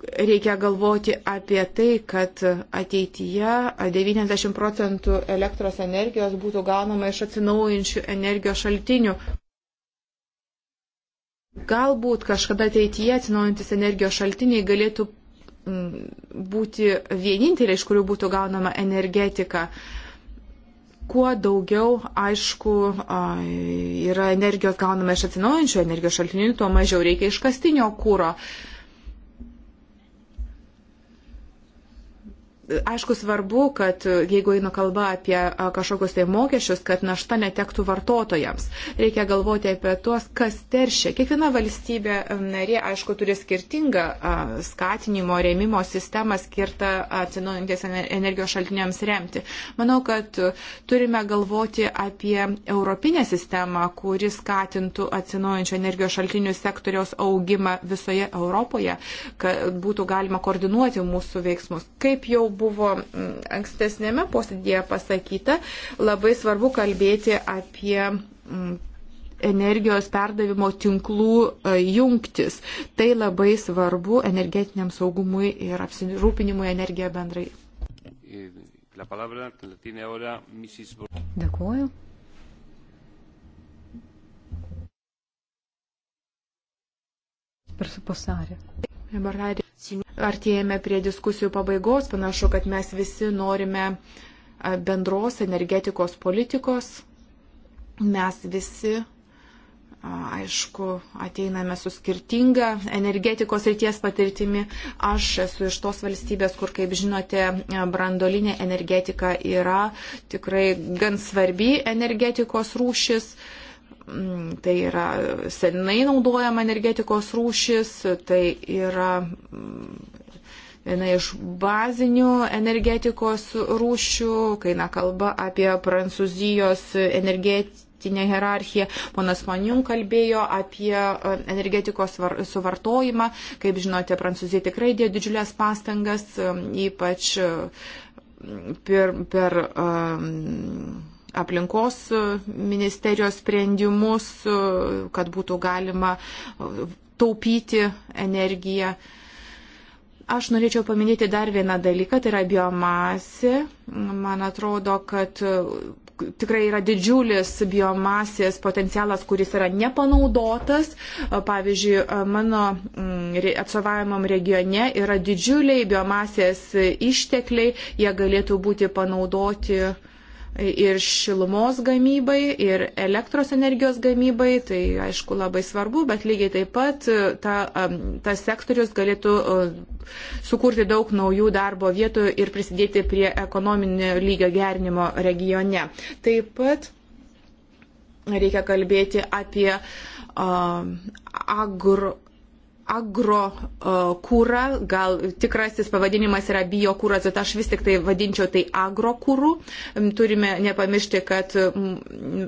reikia galvoti apie tai, kad ateityje 90 procentų elektros energijos būtų gaunama iš atsinaujinčių energijos šaltinių. Galbūt kažkada ateityje atsinaujantis energijos šaltiniai galėtų mm, būti vieninteliai, iš kurių būtų gaunama energetika. Kuo daugiau, aišku, yra energijos gaunama iš atsinaujančių energijos šaltinių, tuo mažiau reikia iškastinio kūro. Uh, aišku svarbu, kad e, jeigu eina kalba apie e, kažkokius tai mokesčius, kad našta netektų vartotojams. Reikia galvoti apie tuos, kas teršia. Kiekviena valstybė e, narė, aišku, turi skirtingą skatinimo, rėmimo sistemą skirtą atsinaujantys energijos šaltiniams remti. Manau, kad turime galvoti apie europinę sistemą, kuri skatintų atsinaujančio energijos šaltinių sektoriaus augimą visoje Europoje, kad būtų galima koordinuoti mūsų veiksmus. Kaip jau buvo ankstesnėme posėdėje pasakyta, labai svarbu kalbėti apie energijos perdavimo tinklų e, jungtis. Tai labai svarbu energetiniam saugumui ir apsirūpinimui energiją bendrai. Dėkuoju. Per suposarį artėjame prie diskusijų pabaigos. Panašu, kad mes visi norime bendros energetikos politikos. Mes visi, aišku, ateiname su skirtinga energetikos ryties patirtimi. Aš esu iš tos valstybės, kur, kaip žinote, brandolinė energetika yra tikrai gan svarbi energetikos rūšis. Uh, Mm, tai yra senai naudojama energetikos rūšis, tai yra mm, viena iš bazinių energetikos rūšių, kai na kalba apie Prancūzijos energetiką politinė hierarchija. Ponas Manium kalbėjo apie e, energetikos suvartojimą. Kaip žinote, Prancūzija tikrai dėjo didžiulės pastangas, e, ypač e, per. per um, aplinkos ministerijos sprendimus, kad būtų galima taupyti energiją. Aš norėčiau paminėti dar vieną dalyką, tai yra biomasė. Man atrodo, kad tikrai yra didžiulis biomasės potencialas, kuris yra nepanaudotas. Pavyzdžiui, mano mm, atsovavimam regione yra didžiuliai biomasės ištekliai, jie galėtų būti panaudoti uh, ir šilumos gamybai, ir elektros energijos gamybai, tai aišku labai svarbu, bet lygiai taip pat e, ta, tas sektorius galėtų e, sukurti daug naujų darbo vietų ir prisidėti prie ekonominio lygio gerinimo regione. Taip pat reikia kalbėti apie uh, agro agrokūrą, e, gal tikrasis pavadinimas yra biokūras, bet aš vis tik tai vadinčiau tai agrokūrų. Turime nepamiršti, kad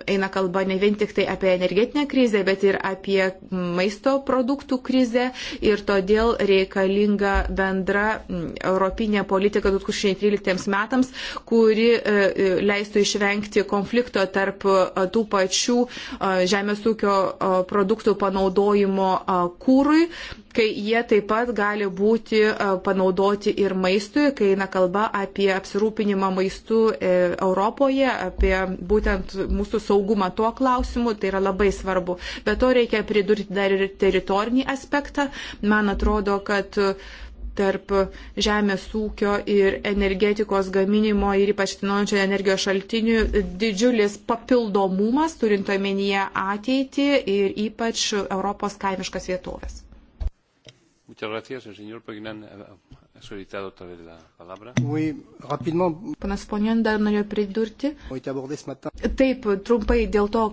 eina kalba ne vien tik tai apie energetinę krizę, bet ir apie maisto produktų krizę ir todėl reikalinga bendra europinė politika 2013 metams, kuri e, e, leistų išvengti konflikto tarp tų pačių žemės ūkio produktų panaudojimo kūrui kai jie taip pat gali būti e, panaudoti ir maistui, kai eina kalba apie apsirūpinimą maistu e, Europoje, apie būtent mūsų saugumą tuo klausimu, tai yra labai svarbu. Bet to reikia pridurti dar ir teritorinį aspektą. Man atrodo, kad e, tarp žemės ūkio ir energetikos gaminimo ir ypač atsinaujančio energijos šaltinių didžiulis papildomumas, turint omenyje ateitį ir ypač Europos kaimiškas vietovės. Muchas gracias. El señor Pagnan ha solicitado otra vez la palabra. Oui, rapidement. Panas Ponion dar norėjo pridurti. Taip, trumpai dėl to,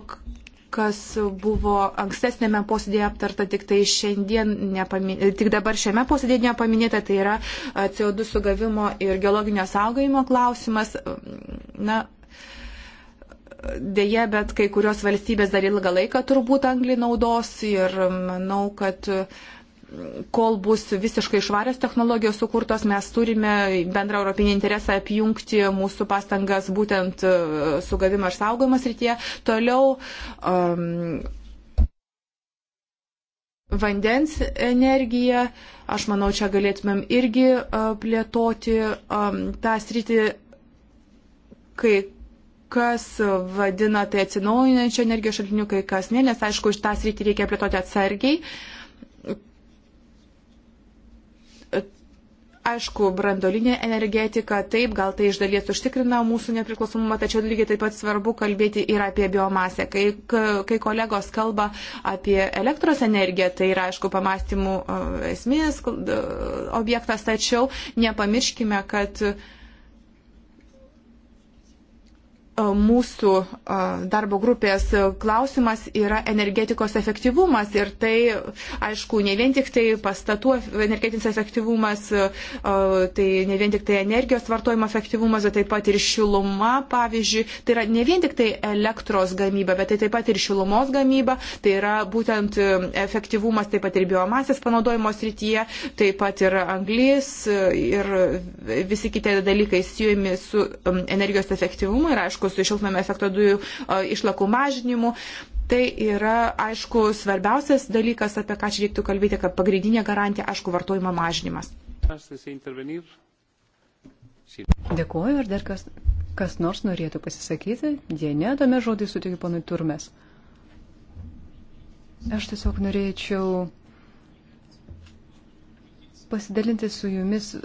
kas buvo ankstesnėme posėdėje aptarta, tik, tai šiandien nepaminė, tik dabar šiame posėdėje nepaminėta, tai yra CO2 sugavimo ir geologinio saugojimo klausimas. Na, Deja, bet kai kurios valstybės dar ilgą laiką turbūt anglį naudos ir manau, kad uh, kol bus visiškai švarios technologijos sukurtos, mes turime bendrą europinį interesą apjungti mūsų pastangas būtent e, sugavimo ir saugojimas rytie. Toliau um, vandens energija, aš manau, čia galėtumėm irgi uh, plėtoti um, tą sritį, kai kas vadina tai atsinaujinančio energijos šaltiniu, kai kas ne, nes aišku, šitą sritį reikia plėtoti atsargiai. Uh, Aišku, brandolinė energetika, taip, gal tai iš dalies užtikrina mūsų nepriklausomumą, tačiau lygiai taip pat svarbu kalbėti ir apie biomasę. Kai, kai kolegos kalba apie elektros energiją, tai yra, aišku, pamastymų e, esminis objektas, tačiau nepamirškime, kad uh, mūsų darbo grupės klausimas yra energetikos efektyvumas ir tai, aišku, ne vien tik tai pastatų energetinis efektyvumas, tai ne vien tik tai energijos vartojimo efektyvumas, bet taip pat ir šiluma, pavyzdžiui, tai yra ne vien tik tai elektros gamyba, bet tai taip pat ir šilumos gamyba, tai yra būtent e, efektyvumas taip pat ir biomasės panaudojimo srityje, taip pat ir anglis e, ir visi kiti dalykai siejami su energijos efektyvumu ir, aišku, su šiltnamio efekto dujų išlakų mažinimu. Tai yra, aišku, svarbiausias dalykas, apie ką čia reiktų kalbėti, kad pagrindinė garantija, aišku, vartojimo mažinimas. Dėkuoju, ar dar kas, kas nors norėtų pasisakyti? Jei ne, tame žodį sutikiu ponui Turmes. Aš tiesiog norėčiau pasidalinti su jumis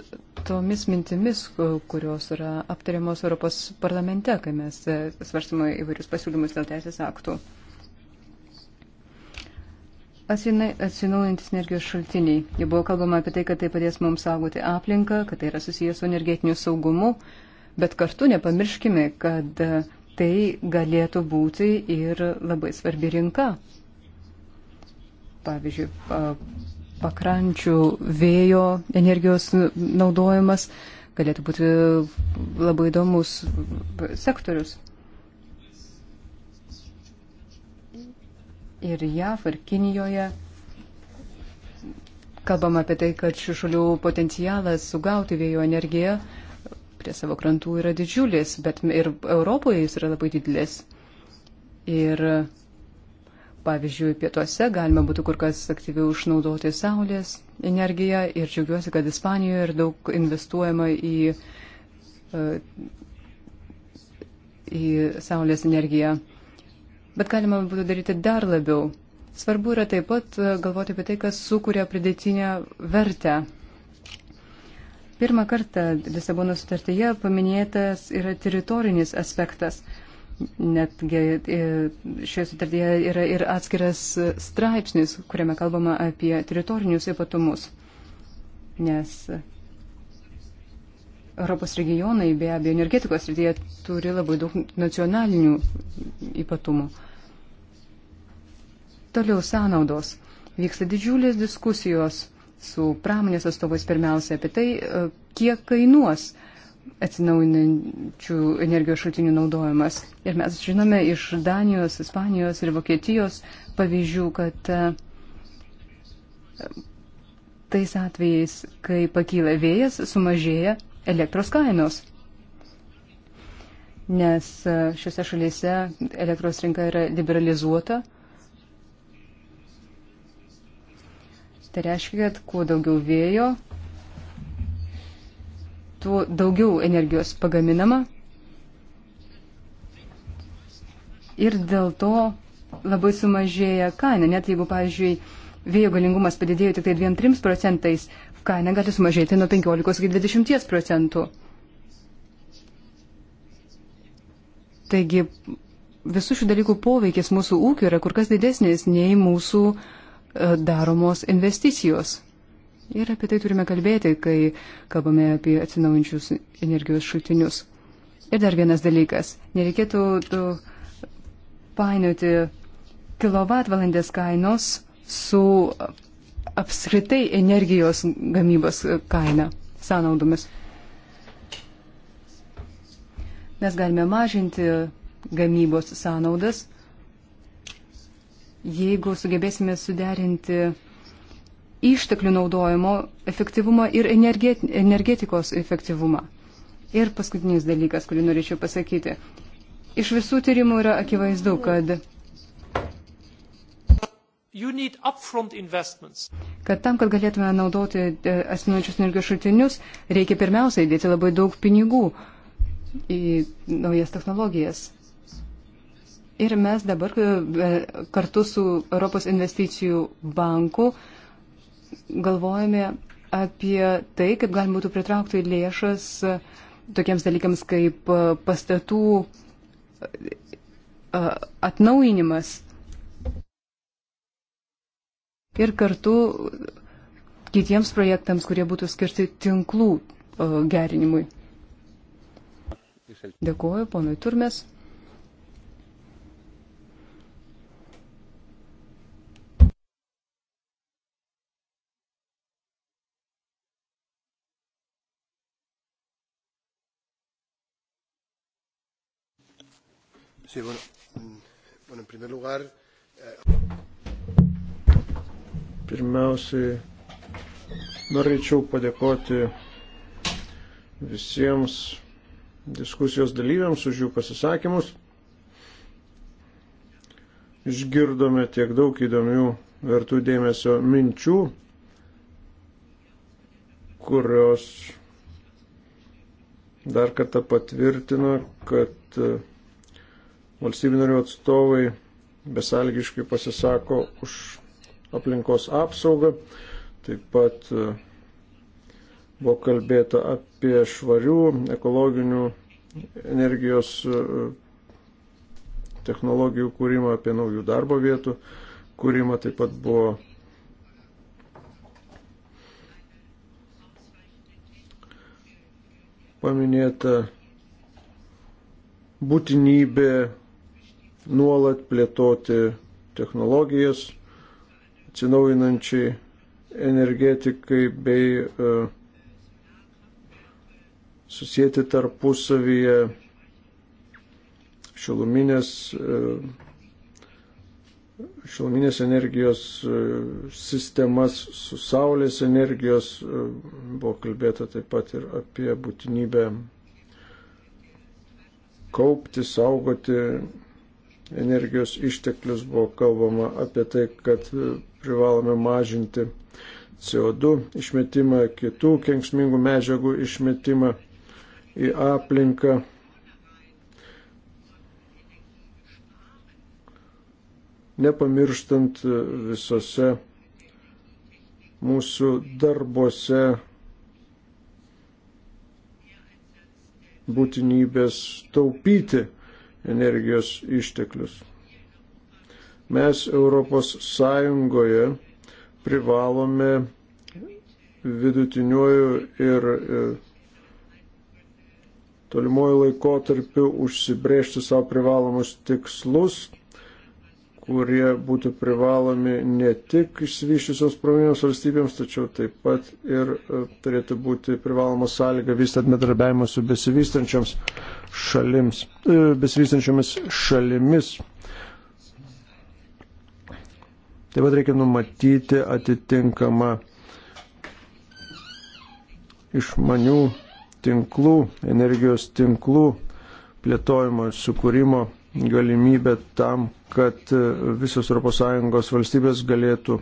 tomis mintimis, kurios yra aptariamos Europos parlamente, kai mes e, svarstame įvairius pasiūlymus dėl teisės aktų. Atsinaujantis energijos šaltiniai. Jau buvo kalbama apie tai, kad tai padės mums saugoti aplinką, kad tai yra susijęs su energetiniu saugumu, bet kartu nepamirškime, kad e, tai galėtų būti ir labai svarbi rinka. Pavyzdžiui, pakrančių vėjo energijos naudojimas galėtų būti labai įdomus sektorius. Ir JAV, ir Kinijoje kalbama apie tai, kad šių šalių potencialas sugauti vėjo energiją prie savo krantų yra didžiulis, bet ir Europoje jis yra labai didelis. Ir Pavyzdžiui, pietuose galima būtų kur kas aktyviau išnaudoti saulės energiją ir džiaugiuosi, kad Ispanijoje ir daug investuojama į, e, į saulės energiją. Bet galima būtų daryti dar labiau. Svarbu yra taip pat e, galvoti apie tai, kas sukuria pridėtinę vertę. Pirmą kartą Lisabono sutartyje paminėtas yra teritorinis aspektas. Netgi e, šioje sutartyje yra ir atskiras straipsnis, kuriame kalbama apie teritorinius ypatumus, nes Europos regionai be abejo energetikos srityje turi labai daug nacionalinių ypatumų. Toliau sąnaudos. Vyksta didžiulės diskusijos su pramonės atstovais pirmiausia apie tai, e, kiek kainuos uh, atsinaujinančių energijos šaltinių naudojimas. Ir mes žinome iš Danijos, Ispanijos ir Vokietijos pavyzdžių, kad e, tais atvejais, kai pakyla vėjas, sumažėja elektros kainos. Nes e, šiuose šalyse elektros rinka yra liberalizuota. Tai reiškia, kad kuo daugiau vėjo, tuo daugiau energijos pagaminama. Ir dėl to labai sumažėja kaina. Net jeigu, pavyzdžiui, vėjo galingumas padidėjo tik tai 2-3 procentais, kaina gali sumažėti nuo 15 iki 20 procentų. Taigi visų šių dalykų poveikis mūsų ūkiu yra kur kas didesnis nei mūsų e, daromos investicijos. Ir apie tai turime kalbėti, kai kalbame apie atsinaujančius energijos šaltinius. Ir dar vienas dalykas. Nereikėtų painioti kilovatvalandės kainos su apskritai energijos gamybos kaina, sąnaudomis. Mes galime mažinti gamybos sąnaudas, jeigu sugebėsime suderinti išteklių naudojimo efektyvumą ir energetikos efektyvumą. Ir paskutinis dalykas, kurį norėčiau pasakyti. Iš visų tyrimų yra akivaizdu, kad kad tam, kad galėtume naudoti e, asmenuočius energijos šaltinius, reikia pirmiausia įdėti labai daug pinigų į naujas technologijas. Ir mes dabar e, kartu su Europos investicijų banku uh, galvojame apie tai, kaip galima būtų pritraukti lėšas tokiems dalykams kaip e, pastatų e, atnauinimas ir kartu kitiems projektams, kurie būtų skirti tinklų e, gerinimui. Dėkuoju, ponui Turmes. Sí, bueno, mm, bueno, en primer lugar. Eh, Pirmiausiai, norėčiau padėkoti visiems diskusijos dalyviams už jų pasisakymus. Išgirdome tiek daug įdomių vertų dėmesio minčių, kurios dar kartą patvirtina, kad valstybių narių atstovai besalgiškai pasisako už aplinkos apsaugą. Taip pat e, buvo kalbėta apie švarių ekologinių energijos e, technologijų kūrimą, apie naujų darbo vietų kūrimą. Taip pat buvo paminėta būtinybė nuolat plėtoti technologijas atsinaujinančiai energetikai bei e, susijęti tarpusavyje šiluminės, e, šiluminės energijos e, sistemas su saulės energijos. Buvo kalbėta taip pat ir apie būtinybę kaupti, saugoti energijos išteklius, buvo kalbama apie tai, kad privalome mažinti CO2 išmetimą, kitų kenksmingų medžiagų išmetimą į aplinką. Nepamirštant visose mūsų darbose būtinybės taupyti energijos išteklius. Mes Europos Sąjungoje privalome vidutiniuoju ir e, tolimuoju laikotarpiu užsibrėžti savo privalomus tikslus kurie būtų privalomi ne tik išsivyščiusios pramonės valstybėms, tačiau taip pat ir e, turėtų būti privaloma sąlyga vystant medarbiavimą su besivystančiams šalims, e, besivystančiamis šalimis. Taip pat reikia numatyti atitinkamą išmanių tinklų, energijos tinklų plėtojimo ir sukūrimo galimybę tam, kad e, visos ES valstybės galėtų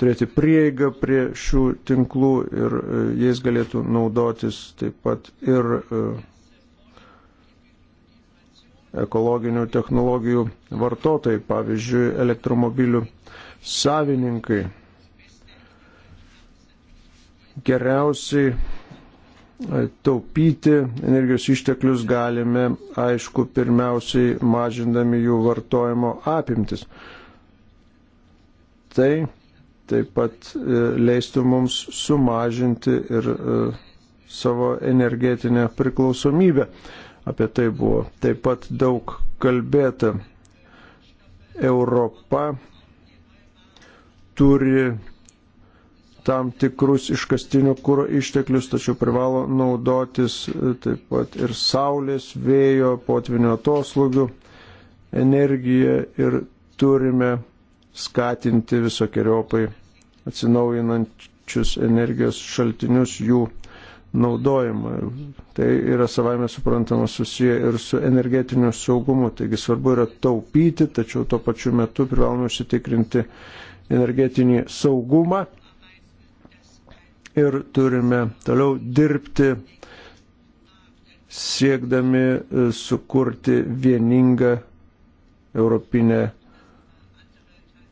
turėti prieigą prie šių tinklų ir e, jais galėtų naudotis taip pat ir e, ekologinių technologijų vartotojai, pavyzdžiui, elektromobilių savininkai. Geriausiai taupyti energijos išteklius galime, aišku, pirmiausiai mažindami jų vartojimo apimtis. Tai taip pat e, leistų mums sumažinti ir e, savo energetinę priklausomybę. Apie tai buvo taip pat daug kalbėta. Europa turi tam tikrus iškastinių kūro išteklius, tačiau privalo naudotis e, taip pat ir saulės, vėjo, potvinio atoslūgių energiją ir turime skatinti visokiojopai atsinaujinančius energijos šaltinius jų naudojimą. Tai yra savame suprantama susiję ir su energetiniu saugumu, taigi svarbu yra taupyti, tačiau tuo pačiu metu privalome užsitikrinti energetinį saugumą ir turime toliau dirbti siekdami e, sukurti vieningą europinę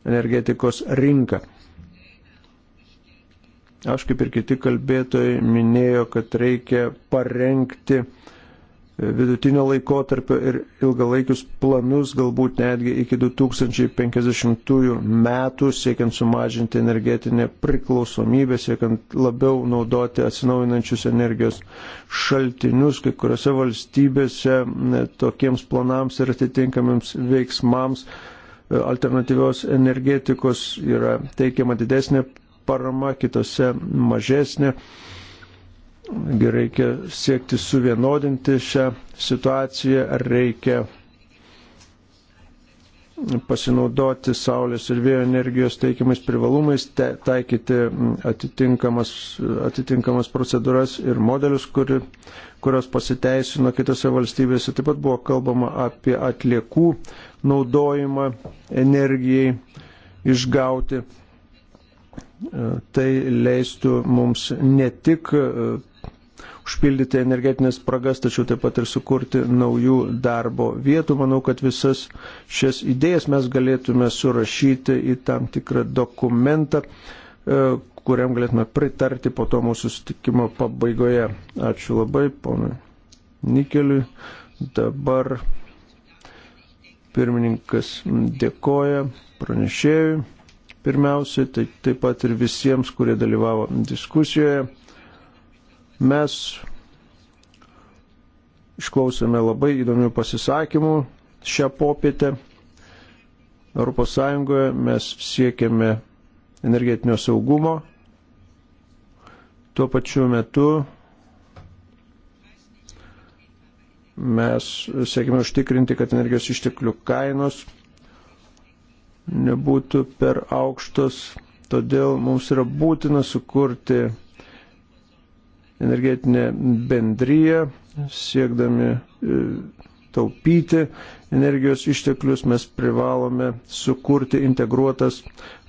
energetikos rinką. Aš kaip ir kiti kalbėtojai minėjo, kad reikia parengti uh, vidutinio laikotarpio ir ilgalaikius planus, galbūt netgi iki 2050 metų, siekiant sumažinti energetinę priklausomybę, siekiant labiau naudoti atsinaujinančius energijos šaltinius, kai kuriuose valstybėse tokiems planams ir atitinkamiems veiksmams e, alternatyvios energetikos yra teikiama didesnė parama, kitose mažesnė reikia siekti suvienodinti šią situaciją, ar reikia pasinaudoti saulės ir vėjo energijos teikiamais privalumais, te, taikyti atitinkamas, atitinkamas procedūras ir modelius, kuri, kurios pasiteisino kitose valstybėse. Taip pat buvo kalbama apie atliekų naudojimą energijai išgauti. Tai leistų mums ne tik užpildyti energetinės spragas, tačiau taip pat ir sukurti naujų darbo vietų. Manau, kad visas šias idėjas mes galėtume surašyti į tam tikrą dokumentą, e, kuriam galėtume pritarti po to mūsų sutikimo pabaigoje. Ačiū labai, ponui Nikeliui. Dabar pirmininkas dėkoja pranešėjui pirmiausiai, tai taip pat ir visiems, kurie dalyvavo diskusijoje. Mes išklausėme labai įdomių pasisakymų šią popietę. ES mes siekiame energetinio saugumo. Tuo pačiu metu mes siekime užtikrinti, kad energijos išteklių kainos nebūtų per aukštos, todėl mums yra būtina sukurti energetinę bendryją, siekdami e, taupyti energijos išteklius, mes privalome sukurti integruotas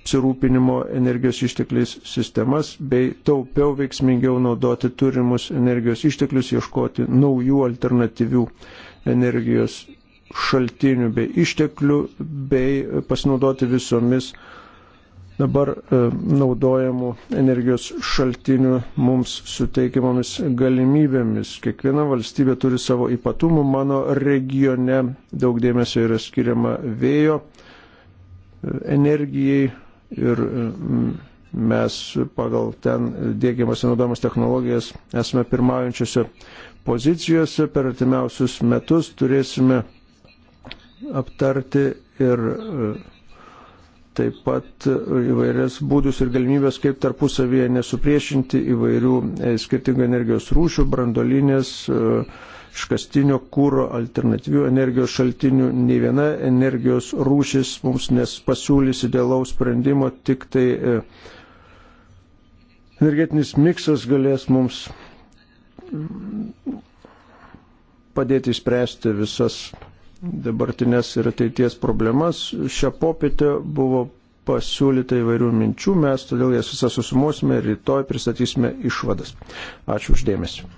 apsirūpinimo energijos ištekliais sistemas bei taupiau veiksmingiau naudoti turimus energijos išteklius, ieškoti naujų alternatyvių energijos šaltinių bei išteklių bei pasinaudoti visomis uh, dabar e, naudojamų energijos šaltinių mums suteikiamomis galimybėmis. Kiekviena valstybė turi savo ypatumų. Mano regione daug dėmesio yra skiriama vėjo e, energijai ir e, mes pagal ten dėgiamas ir naudojamas technologijas esame pirmaujančiose pozicijose. Per artimiausius metus turėsime aptarti ir taip pat e, įvairias būdus ir galimybės, kaip tarpusavyje nesupriešinti įvairių e, skirtingų energijos rūšių, brandolinės, e, škastinio kūro, alternatyvių energijos šaltinių. Nei viena energijos rūšis mums nespasiūlys idealaus sprendimo, tik tai energetinis miksas galės mums padėti spręsti visas dabartinės ir ateities problemas. Šią popietę buvo pasiūlyta įvairių minčių, mes todėl jas visą susumuosime ir rytoj pristatysime išvadas. Ačiū uždėmesi.